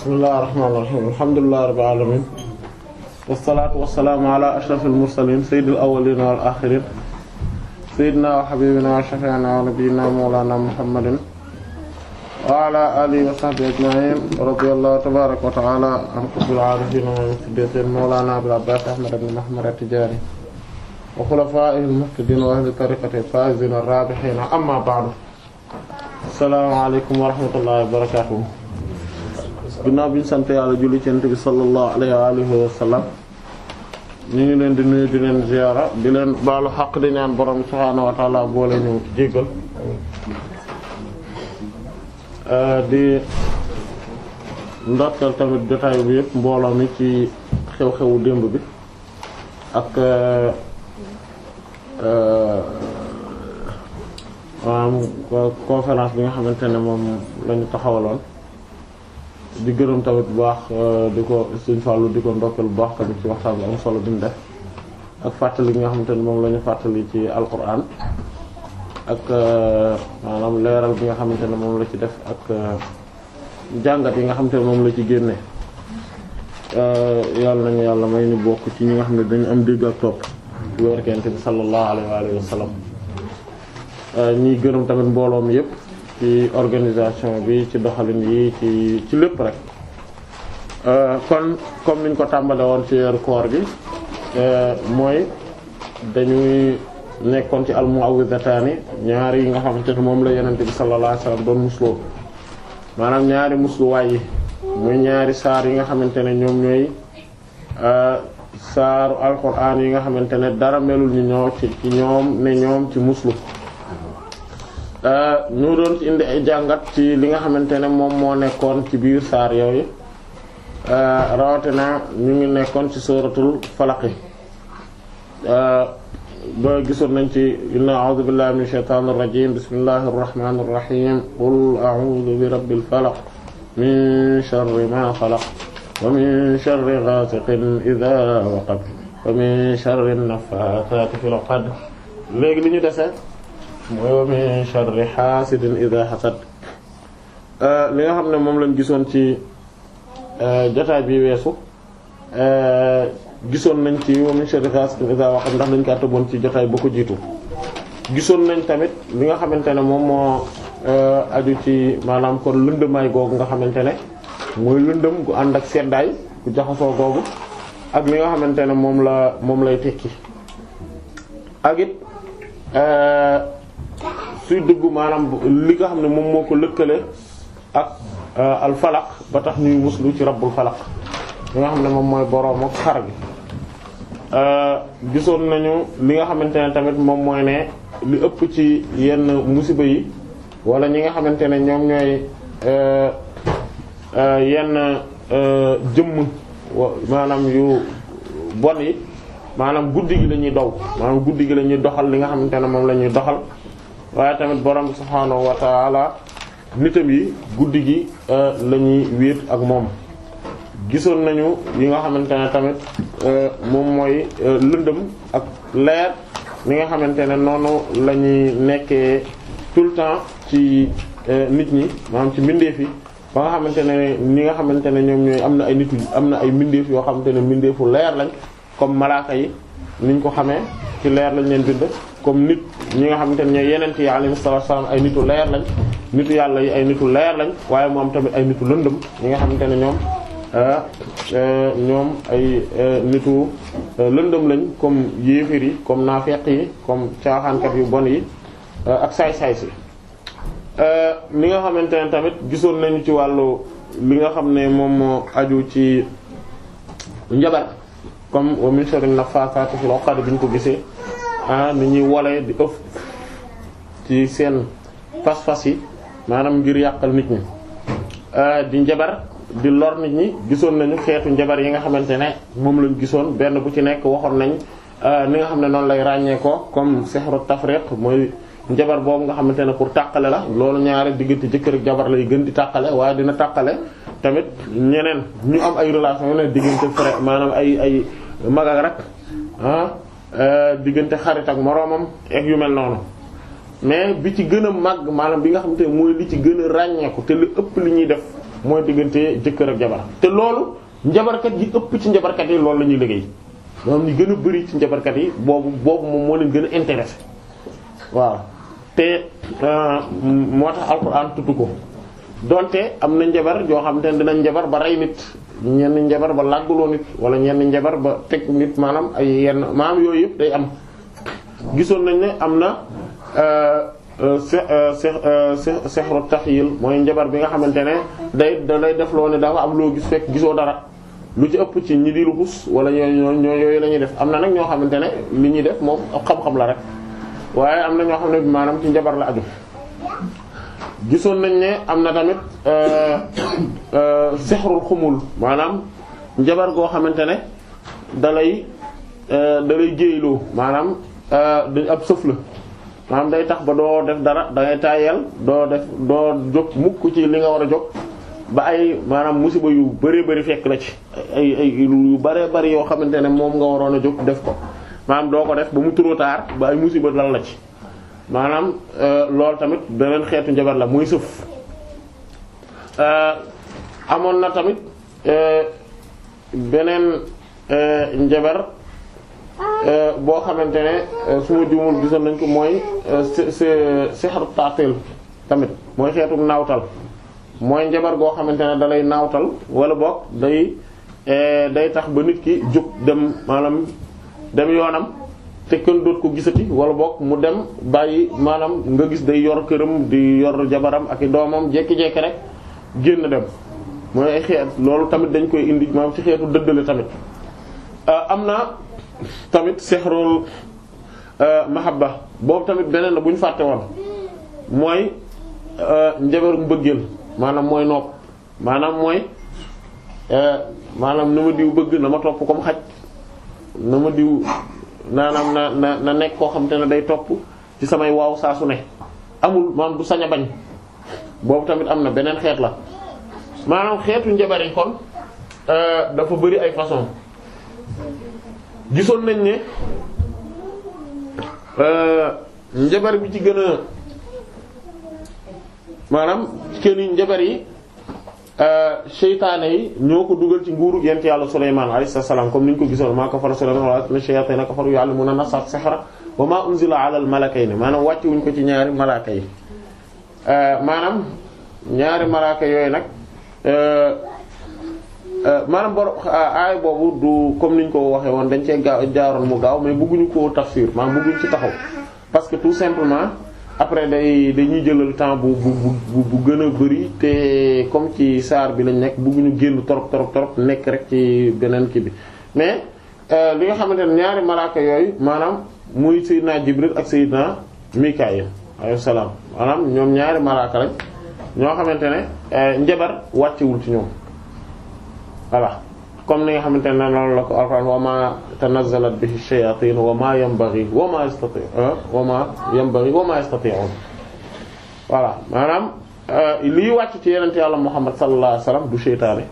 bismillahir rahmanir rahim alhamdulillahi rabbil alamin wassalaatu wassalaamu ala ashrafil mursalin sayyidil awwalin wal akhirin sayyidina wa habibina wa shafi'ina wa nabiyyina mawlana muhammadin wa ala alihi wa sahbihi ajma'in radiyallahu tabaaraka wa ta'ala an qutbil aarifin wa siddiqin mawlana abil abbaas ahmad ibn muhammad at-tijaani wa khulafaa'ihi al-muhtadiin wa ahli tariiqatihi al-faa'iziina ar-raabihiin amma ba'du assalaamu alaykum wa rahmatullahi wa barakaatuh ginnaaw bi ñu sant yàlla julli ci Yonent bi sallallahu alayhi wa alihi wa ñu ngi leen di nuyu di leen ziyaara di leen baalu xaq di ñaan borom subhaanahu wa ta'ala boole ñu jéggal di ndorteel tamit jotaay bi yëpp mbooloo mi ci xew-xewu démb bi ak maanaam conférence bi nga xamante ne moom lañu taxawaloon di gërëm tamit bu baax euh, di ko Sëriñ Fallou di ko ndokkeel bu baax tamit ci waxtaan bi am solo bi mu def ak fàttali nga xamante ne moom la fàttali ci alquran ak euh, maanaam leeral bi nga xamante ne moom la ci def ak euh, jàngat yi nga xamante ne moom la ci génne yàlla nañu yàlla may ñu bokk ci ñi nga xam ne dañu am dégg ak topp ci barkante bi sallallahu alayhi wa sallam ñuy gërëm tamit mbooloom yépp ci organisation bi ci doxalin yi ci ci lépp rek euh, kon comme niñ ko tàmbale woon ci weeru koor bi euh, mooy dañuy nekkoon ci almuawwidataani ñaar yi nga xamante ne moom la yenente bi sallallahu alayhi wasallam doon musloo maanaam ñaari musluwaay yi muy ñaari saar yi nga xamante ne ñoom ñooy euh, saaru alquran yi nga xamante ne dara melul ñu ñoo ci ñoom ne ñoom ci muslu ñu euh, doon ci indi ay jàngat ci li nga xamante ne moom moo nekkoon ci biir saar yooyu euh, rawatina ñu ngi nekkoon ci suratul falaq euh, ba gisoon nañ ci inna a'udhu billahi minash shaitanir rajim bismillahir rahmanir rahim qul a'udhu bi rabbil falaq min sharri ma khalaq wa min sharri ghasiqin idha waqab wa min sharri naffathati fil 'uqad léegi li ñu dese mooy wa min sharri hasidin idha hasad euh, li nga xam ne moom lañ gisoon ci euh, jotaay bi weesu euh, gisoon nañ ci wa min sharri hasidin idha waqab ndax dañ kaa tëboon ci jotaay ba ko jiitu gisoon nañ tamit li nga xamante ne moom moo aju ci maanaam kon lëndëmaay googu nga xamante ne mooy lëndëm gu ànd ak seddaay gu jaxasoo googu ak li nga xamante ne moom la moom lay tekki ak suy dëggu maanaam li nga xam ne moom moo ko lëkkale ak euh, al ba tax ñuy muslu ci rabbul falaq li nga xam ne moom mooy boroom ak xar bi euh, gisoon nañu li nga xamante ne tamit moom mooy ne li ëpp ci yenn musiba yi wala ñi nga xamante ne ñoom ñooy euh, yenn jëmm maanaam yu bon yi maanaam guddi gi la ñuy daw maanaam guddi gi la ñuy doxal li nga xamante ne moom la ñuy doxal waaye tamit borom bi subhaanahu wa taala nitam yi guddi gi euh, la ñuy wéet ak moom gisoon nañu yi nga xamante ne tamit euh, moom mooy euh, lëndëm ak leer li nga xamante ne noonu la ñuy nekkee tout le temps ci nit ñi maanaam ci mbindeef yi ba nga xamante ne ni nga xamante ne ñoom ñooy am na ay nit am na ay mbindeef yoo xamante ne mbindeefu leer lañ comme malaaka yi niñ ko xamee ci leer lañ leen bind comme nit ñi nga xamante ne ñooy yeneen yi alayhi salaatu salaam ay nitu leer lañ nitu yàlla yi ay nitu leer lañ waaye moom tamit ay nitu lëndëm ñi nga xamante ne ñoom ah, eh, ñoom ay eh, nitu eh, lëndëm lañ comme yéeféer yi comme naafeq yi comme caaxaankat yu bon yi ak saay-saay si li nga xamante ne tamit gisoon nañu ci wàllu li nga xam ne moom moo aju ci njabar comme wa min sharri nafaasaati fil uqad bi ñu ko gisee ah ni ñuy wolee di ëf ci seen fas-fas yi maanaam ngir yàqal nit ñi euh, di njabar di lor nit ñi gisoon nañu xeetu njabar yi nga xamante ne moom lañ gisoon benn bu ci nekk waxoon nañ euh, ni nga xam ne noonu lay ràññee ko comme sihru tafriq mooy njabar boobu nga xamante ne pour tàqale la loolu ñaare diggante jëkkër ak jabar lay gën di tàqale waaye dina tàqale tamit ñeneen ñu am ay relation ne diggante frère maanaam ay ay mag Euh, diggante xarit ak moroomam ak yu mel noonu mais bi ci gën a màgg maanaam bi nga xamante ne mooy li ci gën a ràññeeku te li ëpp li ñuy def mooy diggante jëkkër ak jabar te loolu njabarkat yi ëpp ci njabarkat yi loolu la ñuy liggéey moom ñu gën a bëri ci njabarkat yi boobu boobu moom moo leen gën a intéressé waaw te euh, moo tax alxuraan tudd ko donte am na njabar yoo xam ne dinañ njabar ba rey nit ñenn njabar ba làgguloo nit wala ñenn njabar ba teg nit maanaam ay yenn maam yooyu yëpp day am gisoon nañ ne am na euh, euh, se euh, sexro taxyil mooy njabar bi nga xamante ne day day def loo ne dafa am loo gis fekk gisoo dara lu ci ëpp ci ñi di luxus wala ñoo ñoo yooyu la ñuy def am na nag ñoo xamante ne li ñuy def moom xam-xam la rek waaye am na ñoo xam ne maanaam ci njabar la aju gisoon nañ ne am na tamit euh, euh, sexrul xumul maanaam njabar goo xamante ne dalay euh, dalay géeyloo maanaam dañ ab sëf la maanaam day tax ba doo def dara da ngay doo def doo jóg mukk ci li nga war a jóg ba ay maanaam musiba yu bëree bëri fekk la ci ay ay yu bëree bëri yoo xamante ne moom nga waroon a jóg def ko maanaam doo ko def ba mu trop tard ba ay musiba dal la ci maanaam euh, loolu tamit beneen xeetu njabar la muy sëf euh, amoon na tamit euh, beneen njabar boo xamante ne su ma juumul gisoon nañ ko mooy sixaru taatil tamit mooy xeetu naawtal mooy njabar goo xamante ne dalay naawtal wala boog day day tax ba nit ki jóg dem maanaam dem yoonam te kenn doot ko gisati wala boog mu dem bàyyi maanaam nga gis day yor këram di yor jabaram ak i doomam jékki-jékki rek génn dem mooy ay xeet loolu tamit dañ koy indi maanaam ci xeetu dëddale tamit euh, am na tamit sexrol euh, ba boobu tamit beneen la bu ñu fàtte woon mooy euh, njabaru mbëggeel maanaam mooy nopp maanaam mooy maanaam na ma diw bëgg na ma topp comme xaj na ma diw naanaam na na na nekk koo xam te ne day topp ci samay waaw saa su ne amul maanaam du sañ a bañ boobu tamit am na beneen xeet la maanaam xeetu njabari kon euh, dafa bari ay façon gisoon nañ ne euh, njabar bi ci gën a maanaam kenn njabar yi Euh, seytaane yi ñoo ko dugal ci nguuru yent yàlla Sulaymaan alayhi salaam comme ni ñu ko gisoon maa kafara Sulaymaan walaakinna shayaatina kafaru yu'allimuuna an-naasa as-sihra wa maa unzila ala al-malakayni maanaam wàcce wuñ ko ci ñaari malaaka yi euh, maanaam ñaari malaka yooyu nag euh, maanaam bor aay boobu du comme niñ ko waxee woon dañ cee gaaw jaaroon mu gaaw mais bëgguñu koo tafsir maanaam bëgguñu ci taxaw parce que tout simplement après day dañuy jëlal temps bu bu bu bu gën a bari te comme ci saar bi lañ nekk bëgguñu génn torop torop torop nekk rek ci beneen kii bi mais euh, li nga xamante ne ñaari malaaka yooyu maanaam muy Seydina Jibril ak Seydina Mikaayil alayhi salaam maanaam ñoom ñaari malaaka lañ ñoo xamante ne euh, njabar wàccewul ci ñoom voilà comme ni nga xamante na noonu la ko alquran wa ma tanazzalat bihi shayatin wa ma yanbaghi wa ma yastati wa ma yanbaghi wa ma yastati'un voilà maanaam euh, lii wàcc ci yenente yàlla Muhammad sallallahu alayhi wasallam du seytaane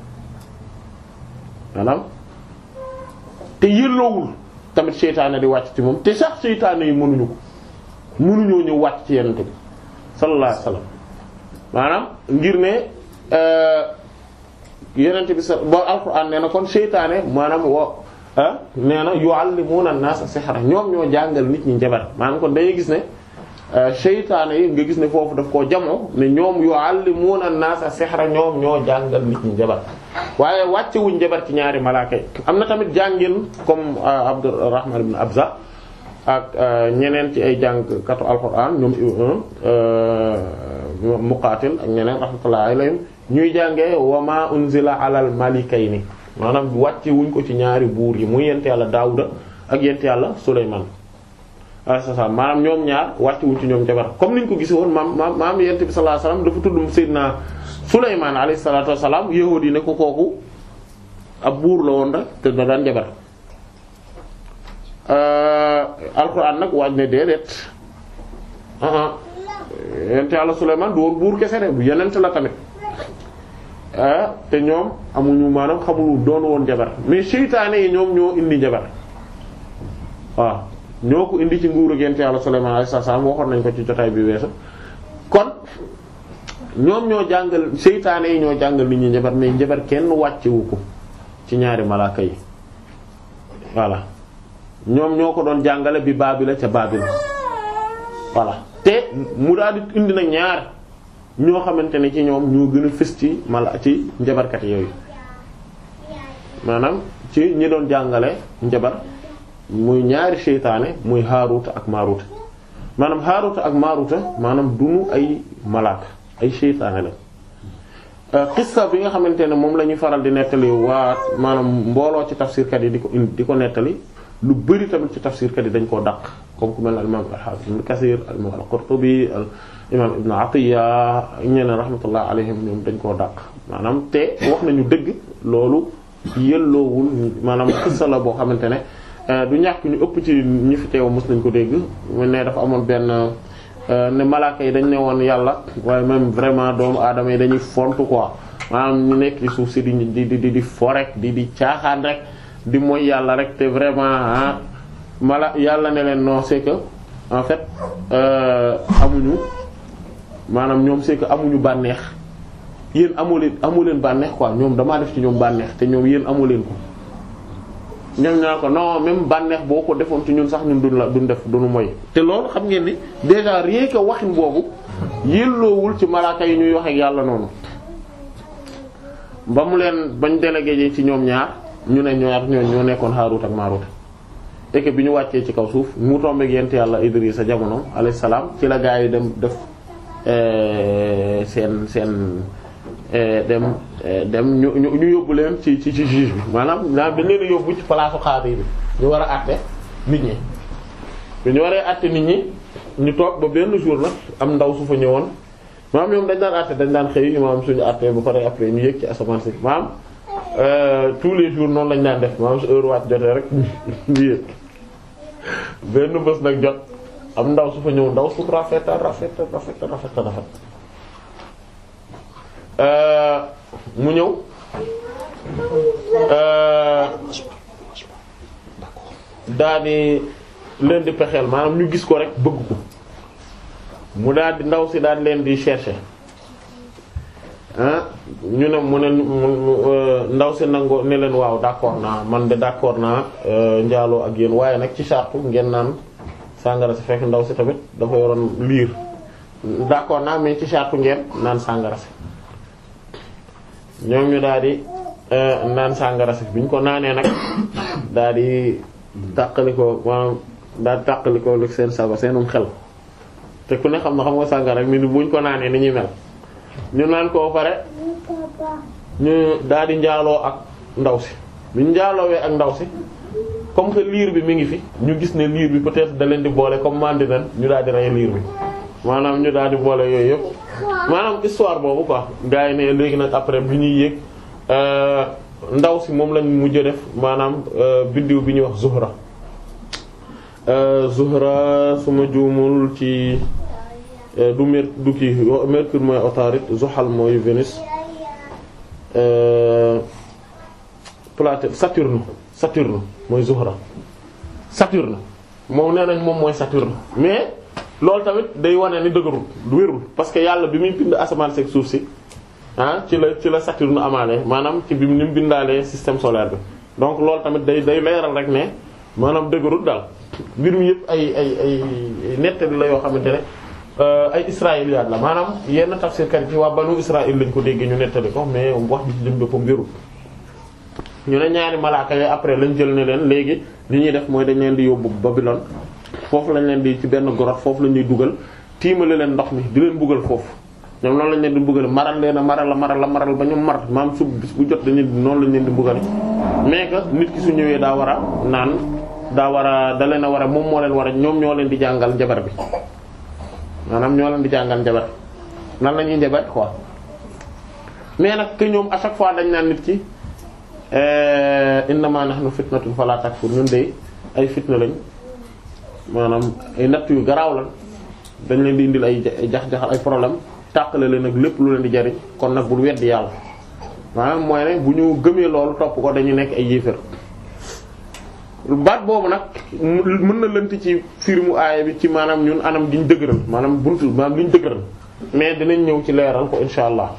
maanaam te yëlloowul tamit seytaane di wàcc ci moom te sax seytaane yi mënuñu ko mënuñoo ñëw wàcc ci yenente bi sallallahu alayhi wasallam maanaam ngir ne euh, yonent bi sa ba alquran nee na kon seytaane maanaam wo ah nee na yuallimuna an a sihra ñoom ñoo jàngal nit ñi njabar maanaam kon dañuy gis ne euh, seytaane yi nga gis ne foofu daf koo jamoo ne ñoom yuallimuna an-nas sihra ñoom ñoo jàngal nit ñi njabar waaye wàccewuñ njabar ci ñaari malaaka am na tamit jàngin comme euh, Abdurrahman ibn Abza ak euh, ñeneen ci ay jàngkatu alquran ñoom Muqatil ak ñeneen rahmatullahi ñuy jàngee wa ma unzila alal malikayni maanaam wàcce wuñ ko ci ñaari buur yi muy yent yàlla Daawuda ak yent yàlla Sulaymaan alayhi ah, salaam ñoom ñaar wàcce wuñ ci ñoom jabar comme niñ ko gis woon maam maam maam yent bi sallallahu alayhi wasallam dafa tudd Seydina Sulaymaan alayhi salaatu wassalaam yahuud yi ne ko kooku ab buur la woon rek te da daan jabar ah, alxuraan nag waaj ne déedéet ah, yent yàlla Sulaymaan du woon buur kese de bu yenent la tamit Ah, te ñoom amuñu maanaam xamuñu doon woon jabar mais seytaane yi ñoom ñoo indi jabar waaw ñoo ko indi ci nguuru gent yàlla Sulaymaan alayhi salaam waxoon nañ ko ci jotaay bi weesu kon ñoom ñoo jàngal seytaane yi ñoo jàngal nit ñi njabar mais njabar kenn wàccewu ko ci ñaari malaaka yi voilà ñoom ñoo ko doon jàngale bi Baabila ca Baabil voilà te mu daal di indi na ñaar ñoo xamante ne ci ñoom ñoo gën a fës ci mala ci njabarkat yooyu maanaam ci ñi doon jàngale njabar muy ñaari seytaane muy Haaruta ak Maaruta maanaam Haaruta ak Maaruta maanaam duñu ay malaaka ay seytaane la xissa euh, bi nga xamante ne moom la ñuy faral di nettali waa maanaam mbooloo ci tafsirkat yi di ko di ko nettali lu bëri tamit ci tafsirkat yi dañ koo daq comme ku mel al imam al-Hafiz Ibn Kathir al imam imam ibnu atiya ñeneen rahmatullah alayhim ñoom dañ koo dàq maanaam te wax nañu dëgg loolu yëlloowul maanaam xissa boo xamante ne euh, du ñàkk ñu ëpp ci ñi fi teew mos nañ ko dégg mu ne dafa amoon benn euh, ne malaaka yi dañ ne woon yàlla waaye même vraiment doomu aadama yi dañuy font quoi maanaam ñu nekk ci suuf si di di di di forek di di caaxaan rek di mooy yàlla rek te vraiment ah mala yàlla ne leen noo c'est que en fait euh, amuñu maanaam ñoom c'est amuñu bànneex yéen amoo leen amoo leen bànneex quoi ñoom damaa def ci ñoom bànneex te ñoom yéen amoo leen ko ñoom ñaa ko non même bànneex boo ko defoon ci ñun sax ñun duñ la duñ def duñu moy te loolu xam ngeen ni déjà rien que waxin boobu yelloowul ci malaaka yi ñuy wax ak yàlla noonu ba mu leen bañ délégué ci ñoom ñaar ñu ne ñaar ñoo ñoo nekkoon Haarut ak Maarut et bi ñu wàccee ci kaw suuf mu tombeeg yent yàlla Idrissa jamono alayhi salaam ci la gaa yi dem def Euh, seen seen euh, dem euh, dem ñu ñu ñu yóbbu leen ci ci ci juge bi maanaam daal dañ leen yóbbu ci palaasu xaadi bi ñu war a àtte nit ñi. bi ñu waree àtte nit ñi ñu toog ba benn jour nag am ndaw su fa ñëwoon maam ñoom dañ daan àtte dañ daan xëy maam suñu àtte ba pare après ñu yëg ci asamaan si maam tous les jours noonu lañ daan def maam su heure waat jotee rek ñu yëg benn bés nag jot. am ndaw su fa ñëw ndaw su rafetal rafetal rafetal rafetal rafet euh, mu ñëw euh, daa di leen di pexeel maanaam ñu gis ko rek bëgg ko mu daal ndaw si daal leen di chercher ah ñu ne mu ne euh, ndaw si nango ne leen waaw d'accord naa man de d'accord naa njaaloo ak yéen waaye nag ci sartu ngeen naan sàngara si fekk ndaw si tamit dafa yoroon liir d'accord naa mais ci sartu ngeen naan sàngara si ñoom ñu daal di euh, naan sàngara si biñ ko naanee nag daal di tàqalikoo maanaam daal di seen saba seenum xel te ku ne xam na xam nga sàngara mi bu buñ ko naanee ni ñuy mel ñu naan koo pare ñu daal di njaaloo ak ndaw si biñ njaaloowee ak ndaw si comme que liir bi mi ngi fi ñu gis ne liir bi peut-être da di boole comme mandi nan ñu daal di rey liir bi maanaam ñu daal di boole yooyu yëpp maanaam histoire boobu quoi gaa yi ne léegi nag après bi ñuy yéeg euh, ndaw si moom lañ mujj def maanaam euh, biddiw bi ñuy wax Zuhra euh, Zuhra suma juumul ci du mer du kii Mercure mooy Autorité Zuhal mooy Vénus Planéte Saturne Saturne mooy Zuhra Saturne moom nee nañ moom mooy Saturne mais loolu tamit day wane ni dëgërul wérul parce que yàlla bi muy bind asamaan seeg suuf si ah ci la ci la Saturne amaale maanaam ci bi ni mu bindaalee système solaire bi donc loolu tamit day day leeral rek ne maanaam dëgërul daal mbir mi yëpp ay ay ay nettali la yoo xamante ne euh, ay israiliyaat la maanaam yenn tafsirkat yi waa banu Israël lañ ko déggee ñu nettali ko mais wax bi ci jëm boppam wérul ñu ne ñaari malaaka yooyu après lañ jël ne leen léegi li ñuy def mooy dañ leen di yóbbu Babylone foofu lañ leen di ci benn grotte foofu la ñuy dugal tiimale leen ndox mi di leen buggal foofu ñoom noonu lañ leen di buggal maral leen a maral a maral a maral ba ñu mar maam sub bis lañ leen di buggal mais que nit ki su ñëwee daa war a naan daa war a da leen a war moom moo leen war a ñoom ñoo leen di jàngal njabar bi maanaam ñoo leen di jàngal njabar nan lañuy ñuy njabar quoi mais nag que ñoom à chaque fois dañ naan nit ki Eh, innama nahnu fitnatun ak pour ñun de ay fitna lañ maanaam ay natt yu garaaw lan dañ leen di indil ay jax-jaxal ay problème tàqale leen nag lépp lu leen di jariñ kon nag bul weddi yàlla maanaam mooy ne bu ñu gëmee loolu topp ko dañu nekk ay yéefar baat boobu nag mun na lënt ci firimu aaya bi ci maanaam ñun anam gi ñu dëgëral maanaam buntu maanaam li ñu dëgëral mais dinañ ñëw ci leeral ko insha allah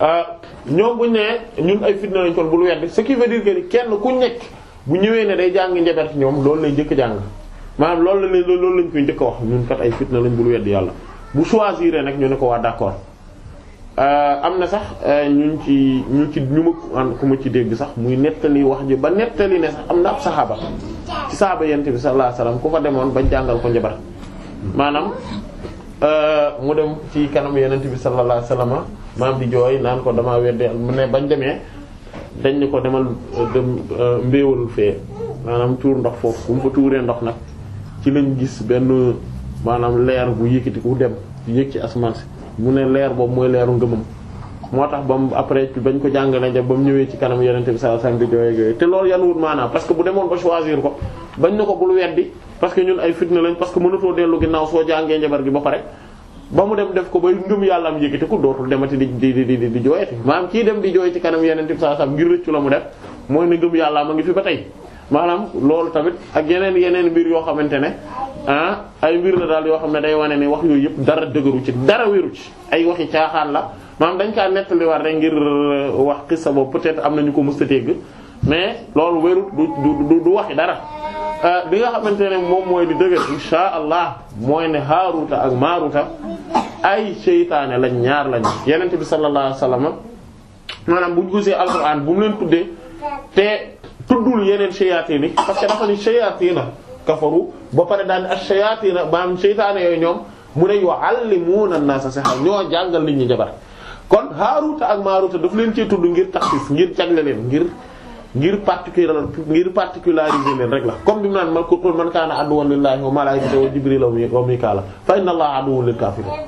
Euh, ñoom bu ñu nee ñun ay fitna lañ kon bul weddi ce qui veut dire que kenn ku nekk bu ñëwee ne day jàng njabar ci ñoom loolu lay njëkk jàng maanaam loolu loolu lañ koy njëkk wax ñun kat ay fitna lañ bul weddi yàlla bu choisir nag ñu ne ko waa d'accord euh, am na sax euh, ñu ci ñu ci ñu ma ku ma ci dégg sax muy nettali wax ji ba nettali ne sax am na ab saxaaba ci saxaaba yent bi sax alayhi wasallam ku ko demoon ba jàngal ko njabar maanaam mu dem ci kanam yonent bi sallallahu alayhi wasallam maam di jooy naan ko damaa wedde mu ne bañ demee dañ ni ko demal euh, dem euh, mbéewal fee maanaam tuur ndox foofu bu mu ko tuuree ndox nag ci lañ gis benn maanaam leer bu yëkkati ku dem yëg ci asamaan si mu ne leer boobu mooy leeru ngëmam moo tax ba mu après bañ ko jàngalee ja ba mu ñëwee ci kanam yonente bi sallallahu alayhi wasallam di jooy yooyu te loolu yan wut maanaam parce que bu demoon ba choisir ko bañ na ko bul weddi parce ñun ay fitna lañ parce mënatoo dellu ginnaaw soo jàngee njabar gi ba pare ba mu dem def ko ba ngëm yàlla am yëkkati ko dootul demati di di di di jooyati maanaam kii dem di jooy ci kanam yeneen saa saa ngir rëccu la mu def mooy ne ngëm yàlla ma ngi fi ba tey. maanaam loolu tamit ak yeneen yeneen mbir yoo xamante ne ah ay mbir la daal yoo xam ne day wane ne wax yooyu yëpp dara dëgëru ci dara wéru ci ay waxi caaxaan la maam dañ kaa nettaliwaat rek ngir euh, wax xisa boobu peut-être am na ñu ko mës a mais loolu wérut du du du waxi dara. Euh, bi nga xamante ne moom mooy li dëgër insha allah mooy ne Haaruta ak Maaruta ay seytaane lañ ñaar lañ yenent bi sallallahu alayhi wasallam maanaam bu ñu gisee alxuraan bu mu leen tuddee te tuddul yeneen shayatin yi parce que dafa ni shayatina kafaru ba pare daal ni ash-shayatina maanaam seytaane yooyu ñoom mu ne yu'allimuna an-nasa sihr ñoo jàngal nit ñi jabar kon Haaruta ak Maaruta daf leen ci tudd ngir taxfiif ngir jagle leen ngir ngir particulier ngir particulariser leen rek la comme bi mu naan man ko qul man kaana aduwwan lillahi wa malaa'ikatihi wa jibril wa mikaala fa inna allaha aduwwun lil kaafiriin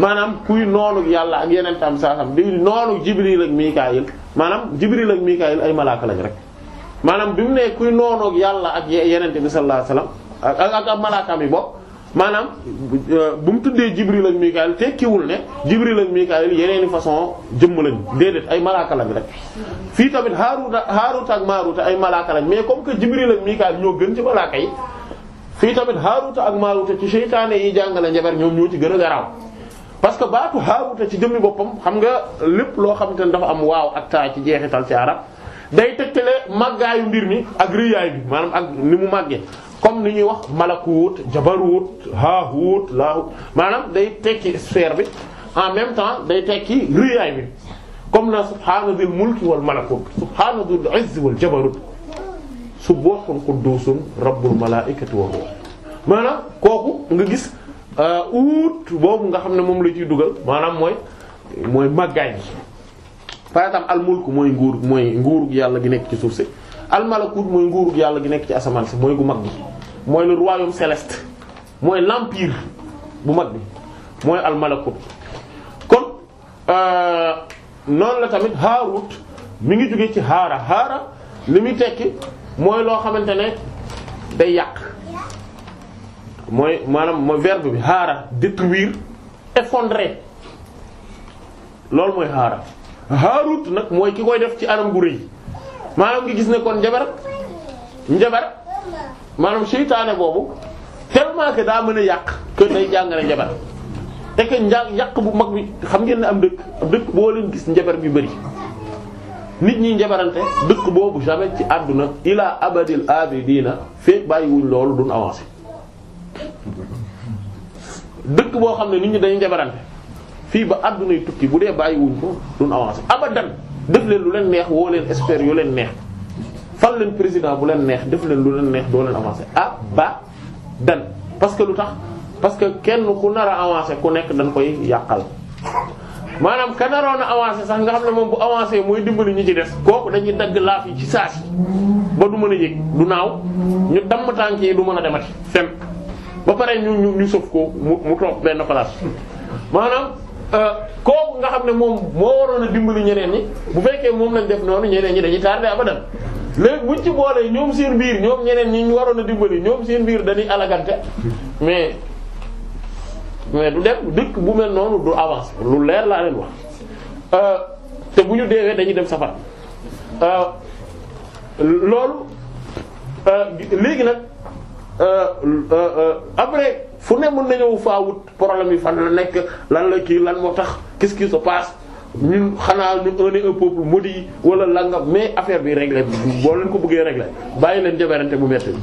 maanaam kuy noonu yàlla ak yeneen tam saasam di noonu jibril ak mikaayil maanaam jibril ak mikaayil ay malaaka lañ rek maanaam bi mu ne kuy noonu yàlla ak yeneen bi sallallahu alayhi ak ak malaakaam yi bopp maanaam euh, bu mu tuddee Jibril ak Mikaayil tekkiwul ne Jibril ak Mikaayil yeneeni façon jëmm lañ déedéet ay malaaka lañ rek fii tamit Haaruta Haaruta ak Maaruta ay malaaka mais comme que Jibril ak ñoo gën ci malaaka yi fii tamit Haaruta ak Maaruta ci seytaane yi jàngale njabar ñoom ñoo ci gën a garaaw parce que baa baatu Haaruta ci jëmmi boppam xam nga lépp loo xamante ne dafa am waaw ak taa ci jeexital ci arab day tegtale màggaayu mbir mi ak rëyaay bi maanaam ak ni mu màggee comme ñuy wax malakut jabarut haahut laahut maanaam day tekki sphère bi en même temps day tekki riyaay bi comme la subhaana dil mulki wal malakut subhaana dil izzi wal jabarut subuhun quddusun rabbul malaa'ikati wa maanaam kooku nga gis uh, uut boobu nga xam ne moom la ciy dugal maanaam mooy mooy màggaay gi par exemple al mulk mooy nguur mooy nguurug yàlla gi nekk ci suuf si al malakut mooy nguurug yàlla gi nekk ci asamaan si mooy gu mag bi mooy le royaume céleste mooy l'empire bu mag bi mooy almalakut kon euh, noonu la tamit haarut mu ngi jóge ci haara haara li muy tekki mooy loo xamante ne day yàq mooy maanaam mooy verbe bi haara détruire effondrer loolu mooy haara haarut nag mooy ki koy def ci anam bu rëy maanaam ngi gis ne kon njabar maanaam seytaane boobu tellement que daa mën a yàq que day jàngale njabar te que nja yàq bu mag bi xam ngeen ni am dëkk dëkk boo gis njabar bi bëri nit ñi njabarante dëkk boobu jamais ci àdduna ilaa abadil abidina feek bàyyiwuñ loolu duñ avancer dëkk boo xam ne nit ñi dañu njabarante fii ba àdduna yi tukki bu dee bàyyiwuñ ko duñ avancer abadan def leen lu leen neex woo leen espère yu leen neex fal leen président bu leen neex def leen lu leen neex doo leen avancer abadan ah, parce que lu tax parce que kenn ku nar a avancer ku nekk dañ koy yàqal maanaam ka naroon a avancer sax nga xam ne moom bu avancer mooy dimbali ñi ci des kooku dañuy dagg laaf yi ci ba du mën a yëg du naaw ñu damm tànk yi du mën a demati fenn ba pare ñu ñu ñu ko mu mu toog benn place euh, nga xam ne moom moo waroon a dimbali ñeneen ñi bu fekkee moom lañ def noonu ñeneen ñi dañuy tardé abadan léegi bu buñ ci boolee ñoom seen biir ñoom ñeneen ñi ñu waroon a dimbali ñoom seen biir dañuy alagante mais mais du dem dëkk bu mel noonu du avancer lu leer laa leen wax euh, te bu ñu deewee dañuy dem safar euh, loolu euh, léegi nag après fu ne mën nañoo faa wut problème yi fan la nekk lan la kii lan moo tax qu'est-ce qui se ñun xanaa ñun on est un peuple maudit wala langam mais affaire bi réglé boo leen ko bëggee réglé bàyyi leen jabarante bu métti bi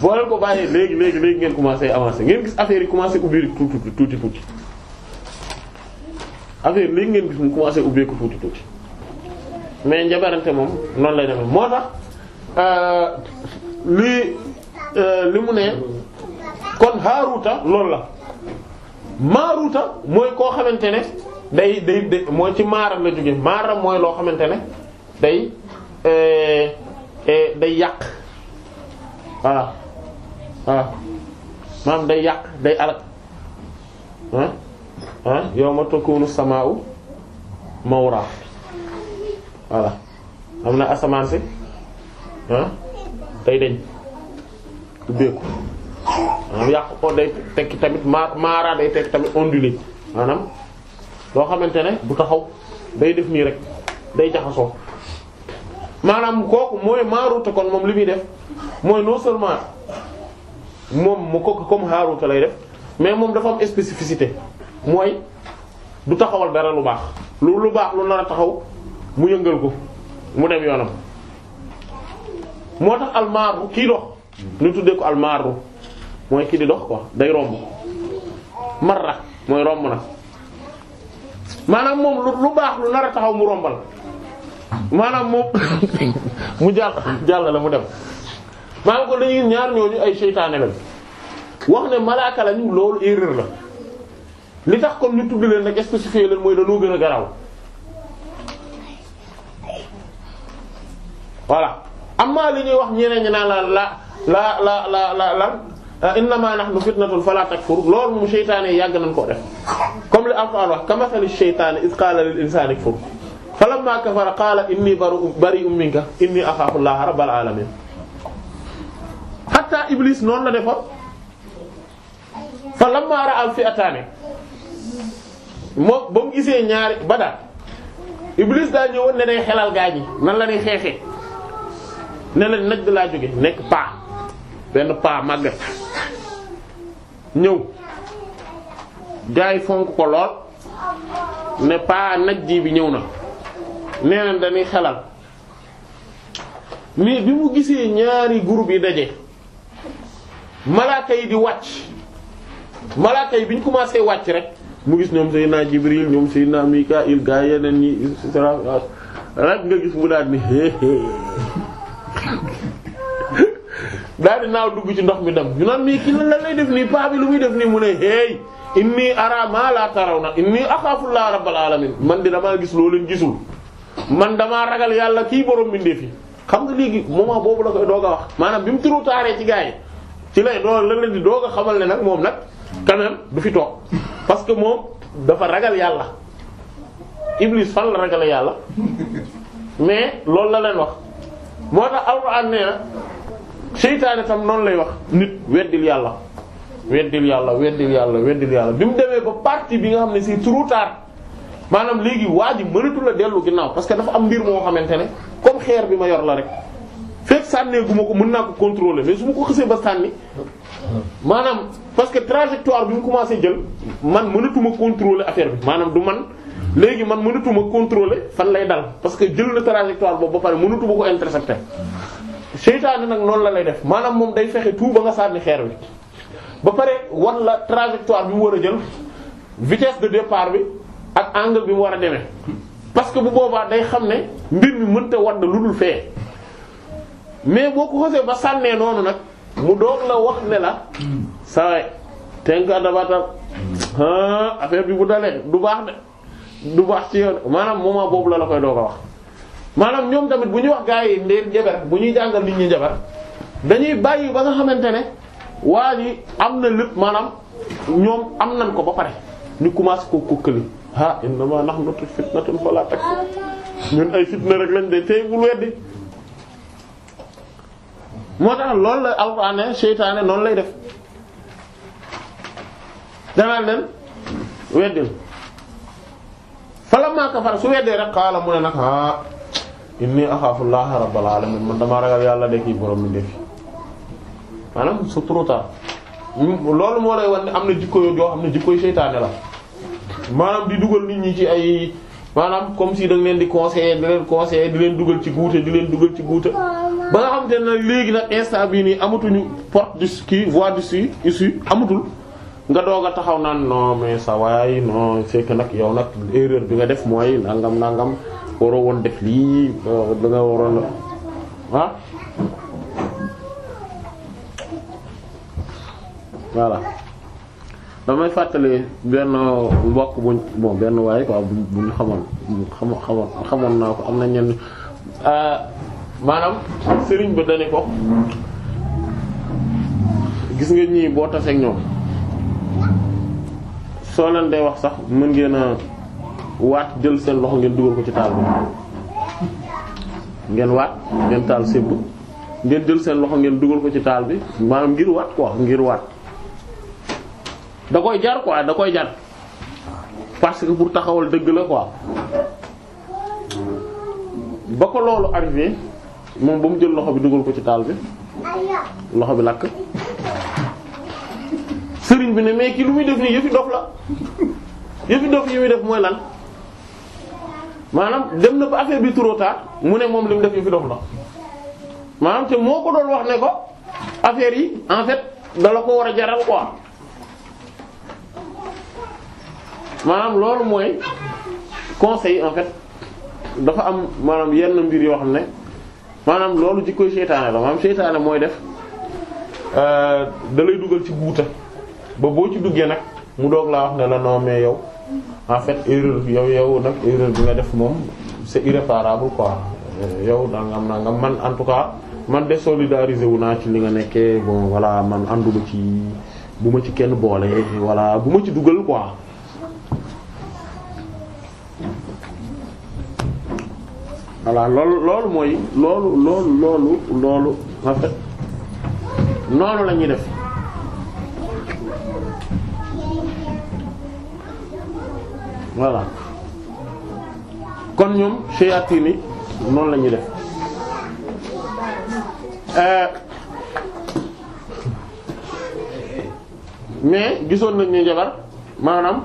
boo leen ko bàyyee léegi léegi léegi ngeen commencé avancer ngeen gis affaire yi commencé ubbi tuuti tuuti tuuti affaire léegi ngeen gis mu commencé ubbi ko tuuti tuuti mais njabarante moom noonu lay demee moo tax euh, li euh, li mu ne kon haaruta loolu la maaruta mooy koo xamante ne. day day day mooy ci maaram la jóge maaram mooy loo xamante ne day eh, eh, day yàq voilà voilà maanaam day yàq day alak ah ah yawma takunu samaa'u mawra voilà am na asamaan si ah day deñ du beeku maanaam yàq ko day tekki tamit ma day tekki tamit ondulé maanaam loo xamante ne du taxaw day def nii rek day jaxasoo maanaam kooku mooy maaruta kon moom li muy def mooy non seulement moom mu ko comme haaruta lay def mais moom dafa am spécificité mooy du taxawal dara lu baax lu lu baax lu nar a taxaw mu yëngal ko mu dem yoonam moo tax almaaru kii dox ñu tuddee ko almaaru mooy kii di dox ko day romb marra mooy romb na maanaam moom lu baax lu nar a taxaw mu rombal maanaam moom mu jàll jàll la mu dem maanaam ko dañuy ñaar ñooñu ay seytaane lañ wax ne malaaka lañu loolu erreur la li tax kon ñu tudd leen nag spécifié leen mooy dañoo gën a garaaw voilà amma li ñuy wax ñeneen ñi naan la la la la la la Ah, innamaa nahnu fitnatun falaa takfur loolu moom seytaane yàgg nañ koo def comme li Alxuraan wax kamathali seytaane iz qaala lil insaani kfur falammaa kafara qaala innii bari'un minka innii axaafu rabbal aalamiin hatta Iblis noonu la defoon falammaa ra'al fi'ataani moom ba mu gisee ñaari Badar Iblis daa ñëwoon ne day xelal gaañ yi nan la ñuy xeexee ne la nag laa jóge nekk paa. benn paa màgget ñëw gars yi fonk ko lool ne paa najji bi ñëw na nee na dañuy xelal mais bi mu gisee ñaari group yi daje malaaka yi di wàcc malaaka yi bi ñu commencé wàcc rek mu gis ñoom Seydina Jibril ñoom Seydina Mikail gaa yeneen ñi et nga gis mu daal ni daal di naaw dugg ci ndox mi dem ñu naan mii kii lan lay def nii paa bi lu muy def nii mu ne hey inni ara ma la tarawna inni axaafu laa rabbal alamin man di damaa gis loo leen gisul man damaa ragal yàlla kii borom mbindeef yi xam nga léegi moment boobu la koy doog a wax maanaam bi mu turu taaree ci gaa yi ci lay doo la leen di doog a xamal ne nag moom nag quand même du fi toog parce que moom dafa ragal yàlla Iblis fan la ragale yàlla mais loolu la leen wax seytaane tam noonu lay wax nit weddil yàlla weddil yàlla weddil yàlla weddil yàlla bi mu demee ba partie bi nga xam ne si trop tard maanaam léegi waa ji mënatu la dellu ginnaaw parce que dafa am mbir moo xamante ne comme xeer bi ma yor la rek fekk sànnee gu ma ko mën naa ko contrôler mais su ma ko xësee ba sànni maanaam parce que trajectoire bi mu commencé jël man mënatuma contrôler affaire bi maanaam du man léegi man mënatuma contrôler fan lay dal parce que jël na trajectoire boobu ba pare mënatuma ko intercepter seytaane nag noonu la lay def maanaam moom day fexe tout ba nga sànni xeer wi ba pare wan la trajectoire bi mu war a jël vitesse de départ bi ak angle bi mu war a demee parce que bu boobaa day xam ne mbir mi mënta wadd lu dul fee mais boo ko xosee ba sànnee noonu nag mu doog la wax ne la saway tenka dabatam affaire bi bu dalee du baax de du baax ci yoon maanaam moment boobu la la koy doog a wax maanaam ñoom tamit bu ñuy wax gaa yi ndéer njabar bu ñuy jàngal nit ñi njabar dañuy bàyyi ba nga xamante ne waa ji am na lépp maanaam ñoom am nañ ko ba pare ñu commencé ko kukkali ah innama nahnu fitnatun fala tak ay fitna rek lañ de tey bul weddi moo tax noonu lay def danaa leen weddil fala maa kafara su weddee rek xaala mu ne nag ah inni axaafullaaha rabbal aalamiin man dama ragal yàlla de kii borom mi defi maanaam su trop tard loolu moo lay wan ne am na jikko yoo xam ne jikkoy seytaane la maanaam di dugal nit ñi ci ay maanaam comme si da leen di conseiller di leen di leen dugal ci guute di leen dugal ci guute ba nga xam te ne léegi nag instant bii nii amatuñu porte du kii voie du issue amatul nga doog a taxaw naan non mais sa waay nag yow nag erreur bi nga def mooy nangam nangam. waroo woon def lii da nga waroon ah voilà damay fàttali benn mbokk buñ bon benn waaye quoi bu ñu xamoon xamoon xamoon xamoon naa ko am na ñenn euh, maanaam sëriñ ba dane ko gis nga ñii boo taseeg ñoom soo leen dee wax sax mën ngeen a waat jël seen loxo ngeen dugal ko ci taal bi ngeen waat ngeen taal sébb ngeen jël seen loxo ngeen dugal ko ci taal bi maanaam ngir waat quoi ngir waat da koy jar quoi da koy jar parce que pour taxawal dëgg la quoi ba ko loolu arrivé moom ba mu jël loxo bi dugal ko ci taal bi loxo bi lakk sëriñ bi ne mais ki lu muy def nii yëfi dof la yëfi dof yi muy def mooy lan maanaam dem na ba affaire bi trop tard mu ne moom li mu def yu fi dox la maanaam te moo ko doon wax ne ko affaire yi en fait dala ko war a jaral quoi maanaam loolu mooy conseil en fait dafa am maanaam yenn mbir yoo xam ne maanaam loolu ci jikkoy seytaane la maanaam seytaane mooy def euh, da lay dugal ci guuta ba boo ci duggee nag mu doog laa wax ne la non mais yow. en fait erreur yow yow nag erreur bi nga def moom c'est irréparable quoi euh, yow da am naa nga man en tout cas man désolidarisé wu naa ci li nga nekkee bon voilà man ànduma ci bu ma ci kenn boole voilà bu ma ci dugal quoi voilà loolu loolu mooy loolu loolu loolu loolu en fait noonu la ñuy def voilà kon ñoom shayatin yi noonu la ñuy def euh, mais gisoon nañ ne jabar maanaam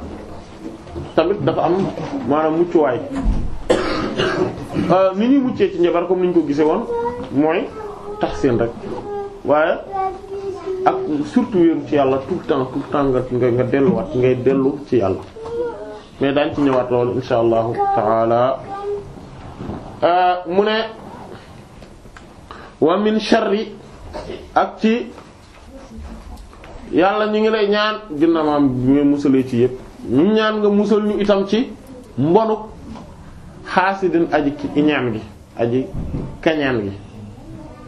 tamit dafa am maanaam muccuwaay euh, ni ñuy muccee ci njabar comme ni ñu ko gisee woon mooy tax seen rek waaye ak surtout wéeru ci yàlla tout le temps tout le temps nga nga delluwaat ngay dellu ci yàlla mais daañ ci ñëwaat loolu insha allahu taala euh, mu ne wa min sharri ak ci yàlla ñu ngi lay ñaan ginna maam bi musalee ci yépp ñu ñaan nga musal ñu itam ci mbonu xaasidin aji iñaan gi aji kañaan gi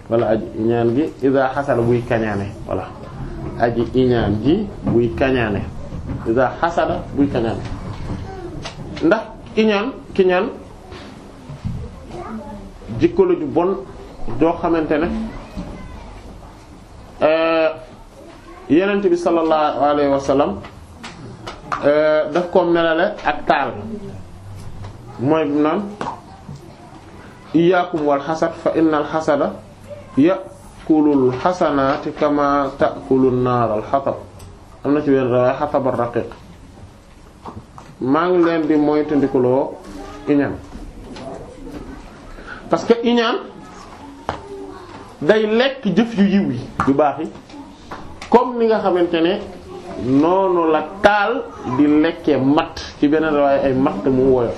wala aji iñaan gi ida xasada buy kañaane wala aji iñaan gi buy kañaane ida xasada buy kañaane ndax kiñaan kiñaan jikko ju bon joo xamante ne euh, yenent bi sallallahu alayhi wa sallam euh, daf ko melale ak taal mooy bu naan iyaakum wal xasad fa innal xasada yakulul xasanaati kama takulun naaral xatab am na ci wenn rawaay xatabar raqiq maa ngi leen di moytandikuloo iñaan parce que iñaan day lekk jëf yu yiw yi yu baax yi comme ni nga xamante ne noonu la taal di lekkee matt ci beneen waaye ay matt mu woyof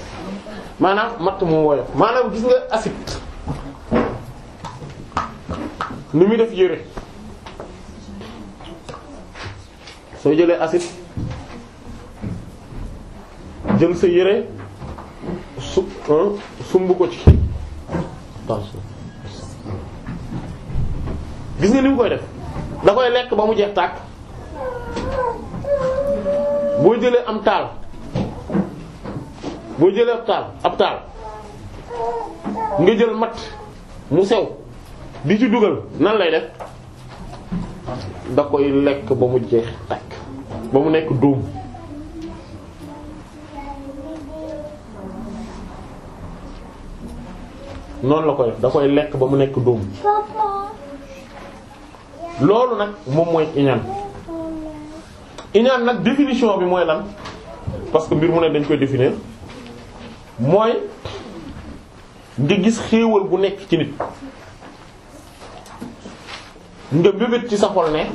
maanaam matt mu woyof maanaam gis nga acide ni muy def yére soo jëlee acide jël sa yére su sumb ko ci gis nga ni mu koy def da koy lekk ba mu jeex tàkk boo jëlee am taal boo jëlee ab taal ab taal nga jël mat mu sew di ci dugal nan lay def da koy lekk ba mu jeex tàkk ba mu nekk dóom noonu la koy da koy lekk ba mu nekk dóom loolu nag moom mooy iñaan iñaan nag définition bi mooy lan parce que mbir mu ne dañ koy définir mooy nga gis xéewal bu nekk ci nit nga bébét ci sa xol ne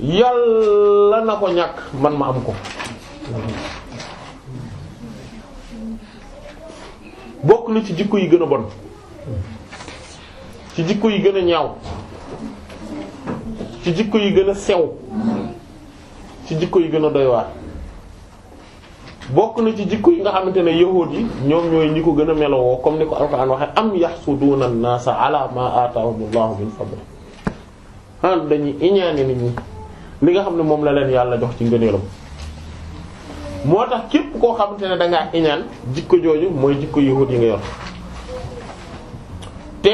yàlla na ko ñàkk man ma am ko bokk na ci jikko yi gën a bon ci jikko yi gën a ñaaw ci jikko yi gën a sew ci jikko yi gën a doy waar bokk na ci jikko yi nga xamante ne yahuud yi ñoom ñooy ñi ko gën a melowoo comme ni ko alxuraan waxe am yaxsuduuna an-naasa ala ma aataahumullahu min fadl han dañuy iñaane nit ñi li nga xam ne moom la leen yàlla jox ci ngëneelam moo tax képp koo xamante ne da ngaa iñaan jikko jooju mooy jikko yahud yi nga yor te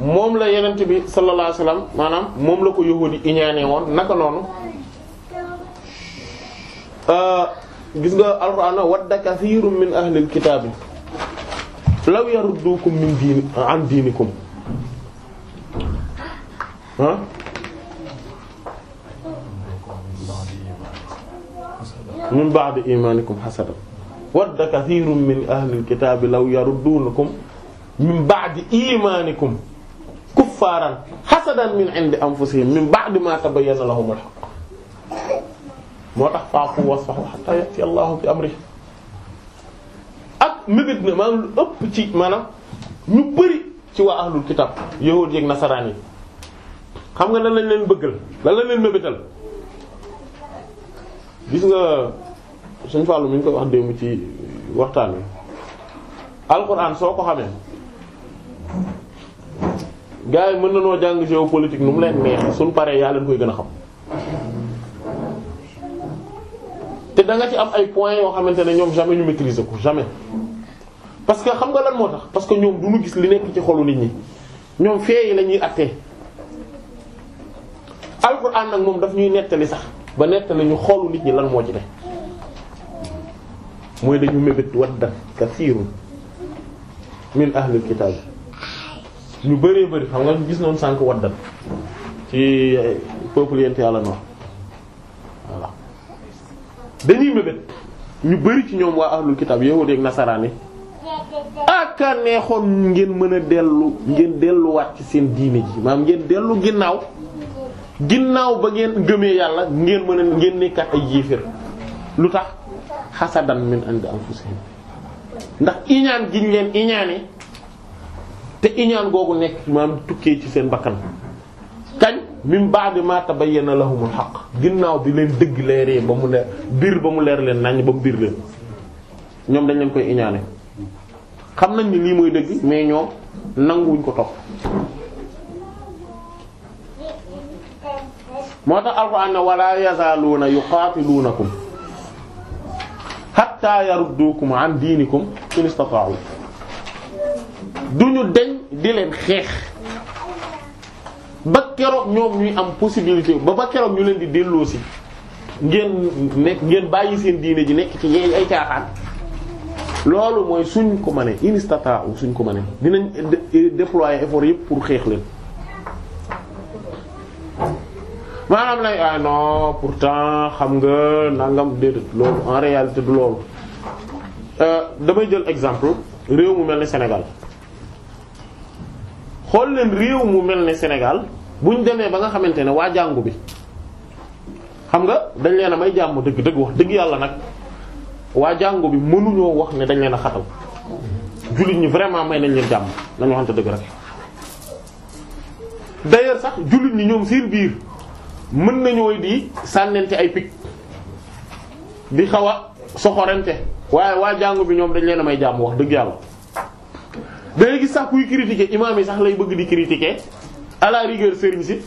moom la yenent bi sallallahu alayhi maanaam moom la ko yahud yi iñaanee woon naka noonu euh, gis nga alxuraan wadda kathirun min ahlil kitaabi law yaruddukum min diin an diinikum ah min ba'di imaanikum hasadan wadda kathiirun min ahlil kitaabi law yarudduunakum min ba'di imaanikum kuffaaran hasadan min 'indi anfusihim min ba'di maa tabayyana lahumul haqq moo tax faafu wasfahu hatta ya'ti Allahu bi amrihi ak mébét na maanaam lu ëpp ci maanaam ñu bari ci waa ahlul kitaab yahuud yeek nasaraan yi xam nga lan lañ leen bëggal lan lañ leen mébétal gis nga suñ fàllu mi ngi koy wax démb ci waxtaan wi alxuraan soo ko xamee gaa yi mën na noo jàng géopolitique nu mu leen neex suñ paree yaa leen koy gën a xam te da ci am ay points yoo xamante ne ñoom jamais ñu maîtriser ko jamais parce que xam nga lan moo tax parce que ñoom du mu gis li nekk ci xolu nit ñi ñoom fee lañuy la ñuy attee nag moom daf ñuy nettali sax ba nettali ñu xoolu nit ñi lan moo ci de mooy dañu mébét waddan kasiirun min ahlil kitaab ñu bëree bari xam nga gis noonu sànq waddan ci peuple yent yàlla noonu voilà dañuy mébét ñu bëri ci ñoom waa ahlul kitaab yahuud ak nasaraan yi aka neexoon ngeen mën a dellu ngeen delluwaat ci seen diine ji maanaam ngeen dellu ginnaaw ginnaaw ba ngeen gëmee yàlla ngeen mën a ngeen nekkaat ay yéeféer lu tax xasadan min indi anfusihim ndax iñaan giñ leen iñaane te iñaan googu nekk maam tukkee ci seen bakkan kañ min ba'di ma tabayyana lahumul haqq ginnaaw bi leen dëgg leeree ba mu leer biir ba mu leer leen nàññ ba mu biir leen ñoom dañ leen koy iñaane xam nañ ni lii mooy dëgg mais ñoom nanguwuñ ko topp moo tax alxuraan ne wala yazaaluuna yuqaatiluunakum hatta yaruddukum an diinikum in istata'u duñu deñ di leen xeex ba keroog ñoom ñuy am possibilité ba ba keroog ñu leen di delloosi ngeen nekk ngeen bàyyi seen diine ji nekk ci yeey caaxaan loolu mooy suñ ko mënee in istata'u suñ ko mënee dinañ déployer effort yëpp pour xeex leen maanaam lay ah non pourtant xam nga nangam déedéet loolu en réalité du loolu euh, damay jël exemple réew mu mel ni Sénégal xool leen réew mu mel ni Sénégal buñ demee ba nga xamante ne waa jàngu bi xam nga dañ leen a may jàmm dëgg dëgg wax dëgg yàlla nag waa jàngu bi mënuñoo wax ne dañ leen a xatal jullit ñi vraiment may nañ leen jàmm nañ waxante dëgg rek d'ailleurs sax jullit ñi ñoom seen biir. mën nañooy di sànnente ay picc di xaw a soxorante waaye waa jàngu bi ñoom dañ leen a may jàmm wax dëgg yàlla day gis sax kuy critiquer imaam yi sax lay bëgg di critiquer à la rigueur sëriñ si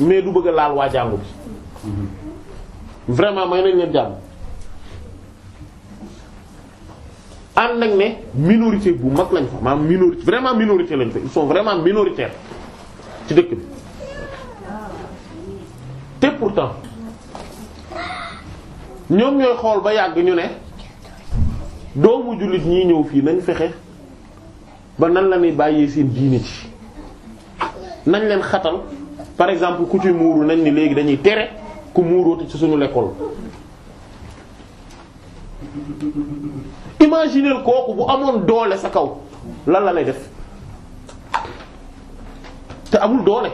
mais du bëgg a laal waa jàngu bi vraiment may nañ leen jàmm ànd nag ne minorité bu mag lañ fa maanaam minorité vraiment minorité lañ fa ils sont vraiment minoritaires ci dëkk bi te pourtant ñoom ñooy xool ba yàgg ñu ne doomu jullit ñi ñëw fii nañ fexe ba nan la ñuy bàyyee seen diine ci nañ leen xatal par exemple ku ci muuru nañ ni léegi dañuy tere ku muurooti ci suñu lekkool imaginer kooku bu amoon doole sa kaw lan la lay def te amul doole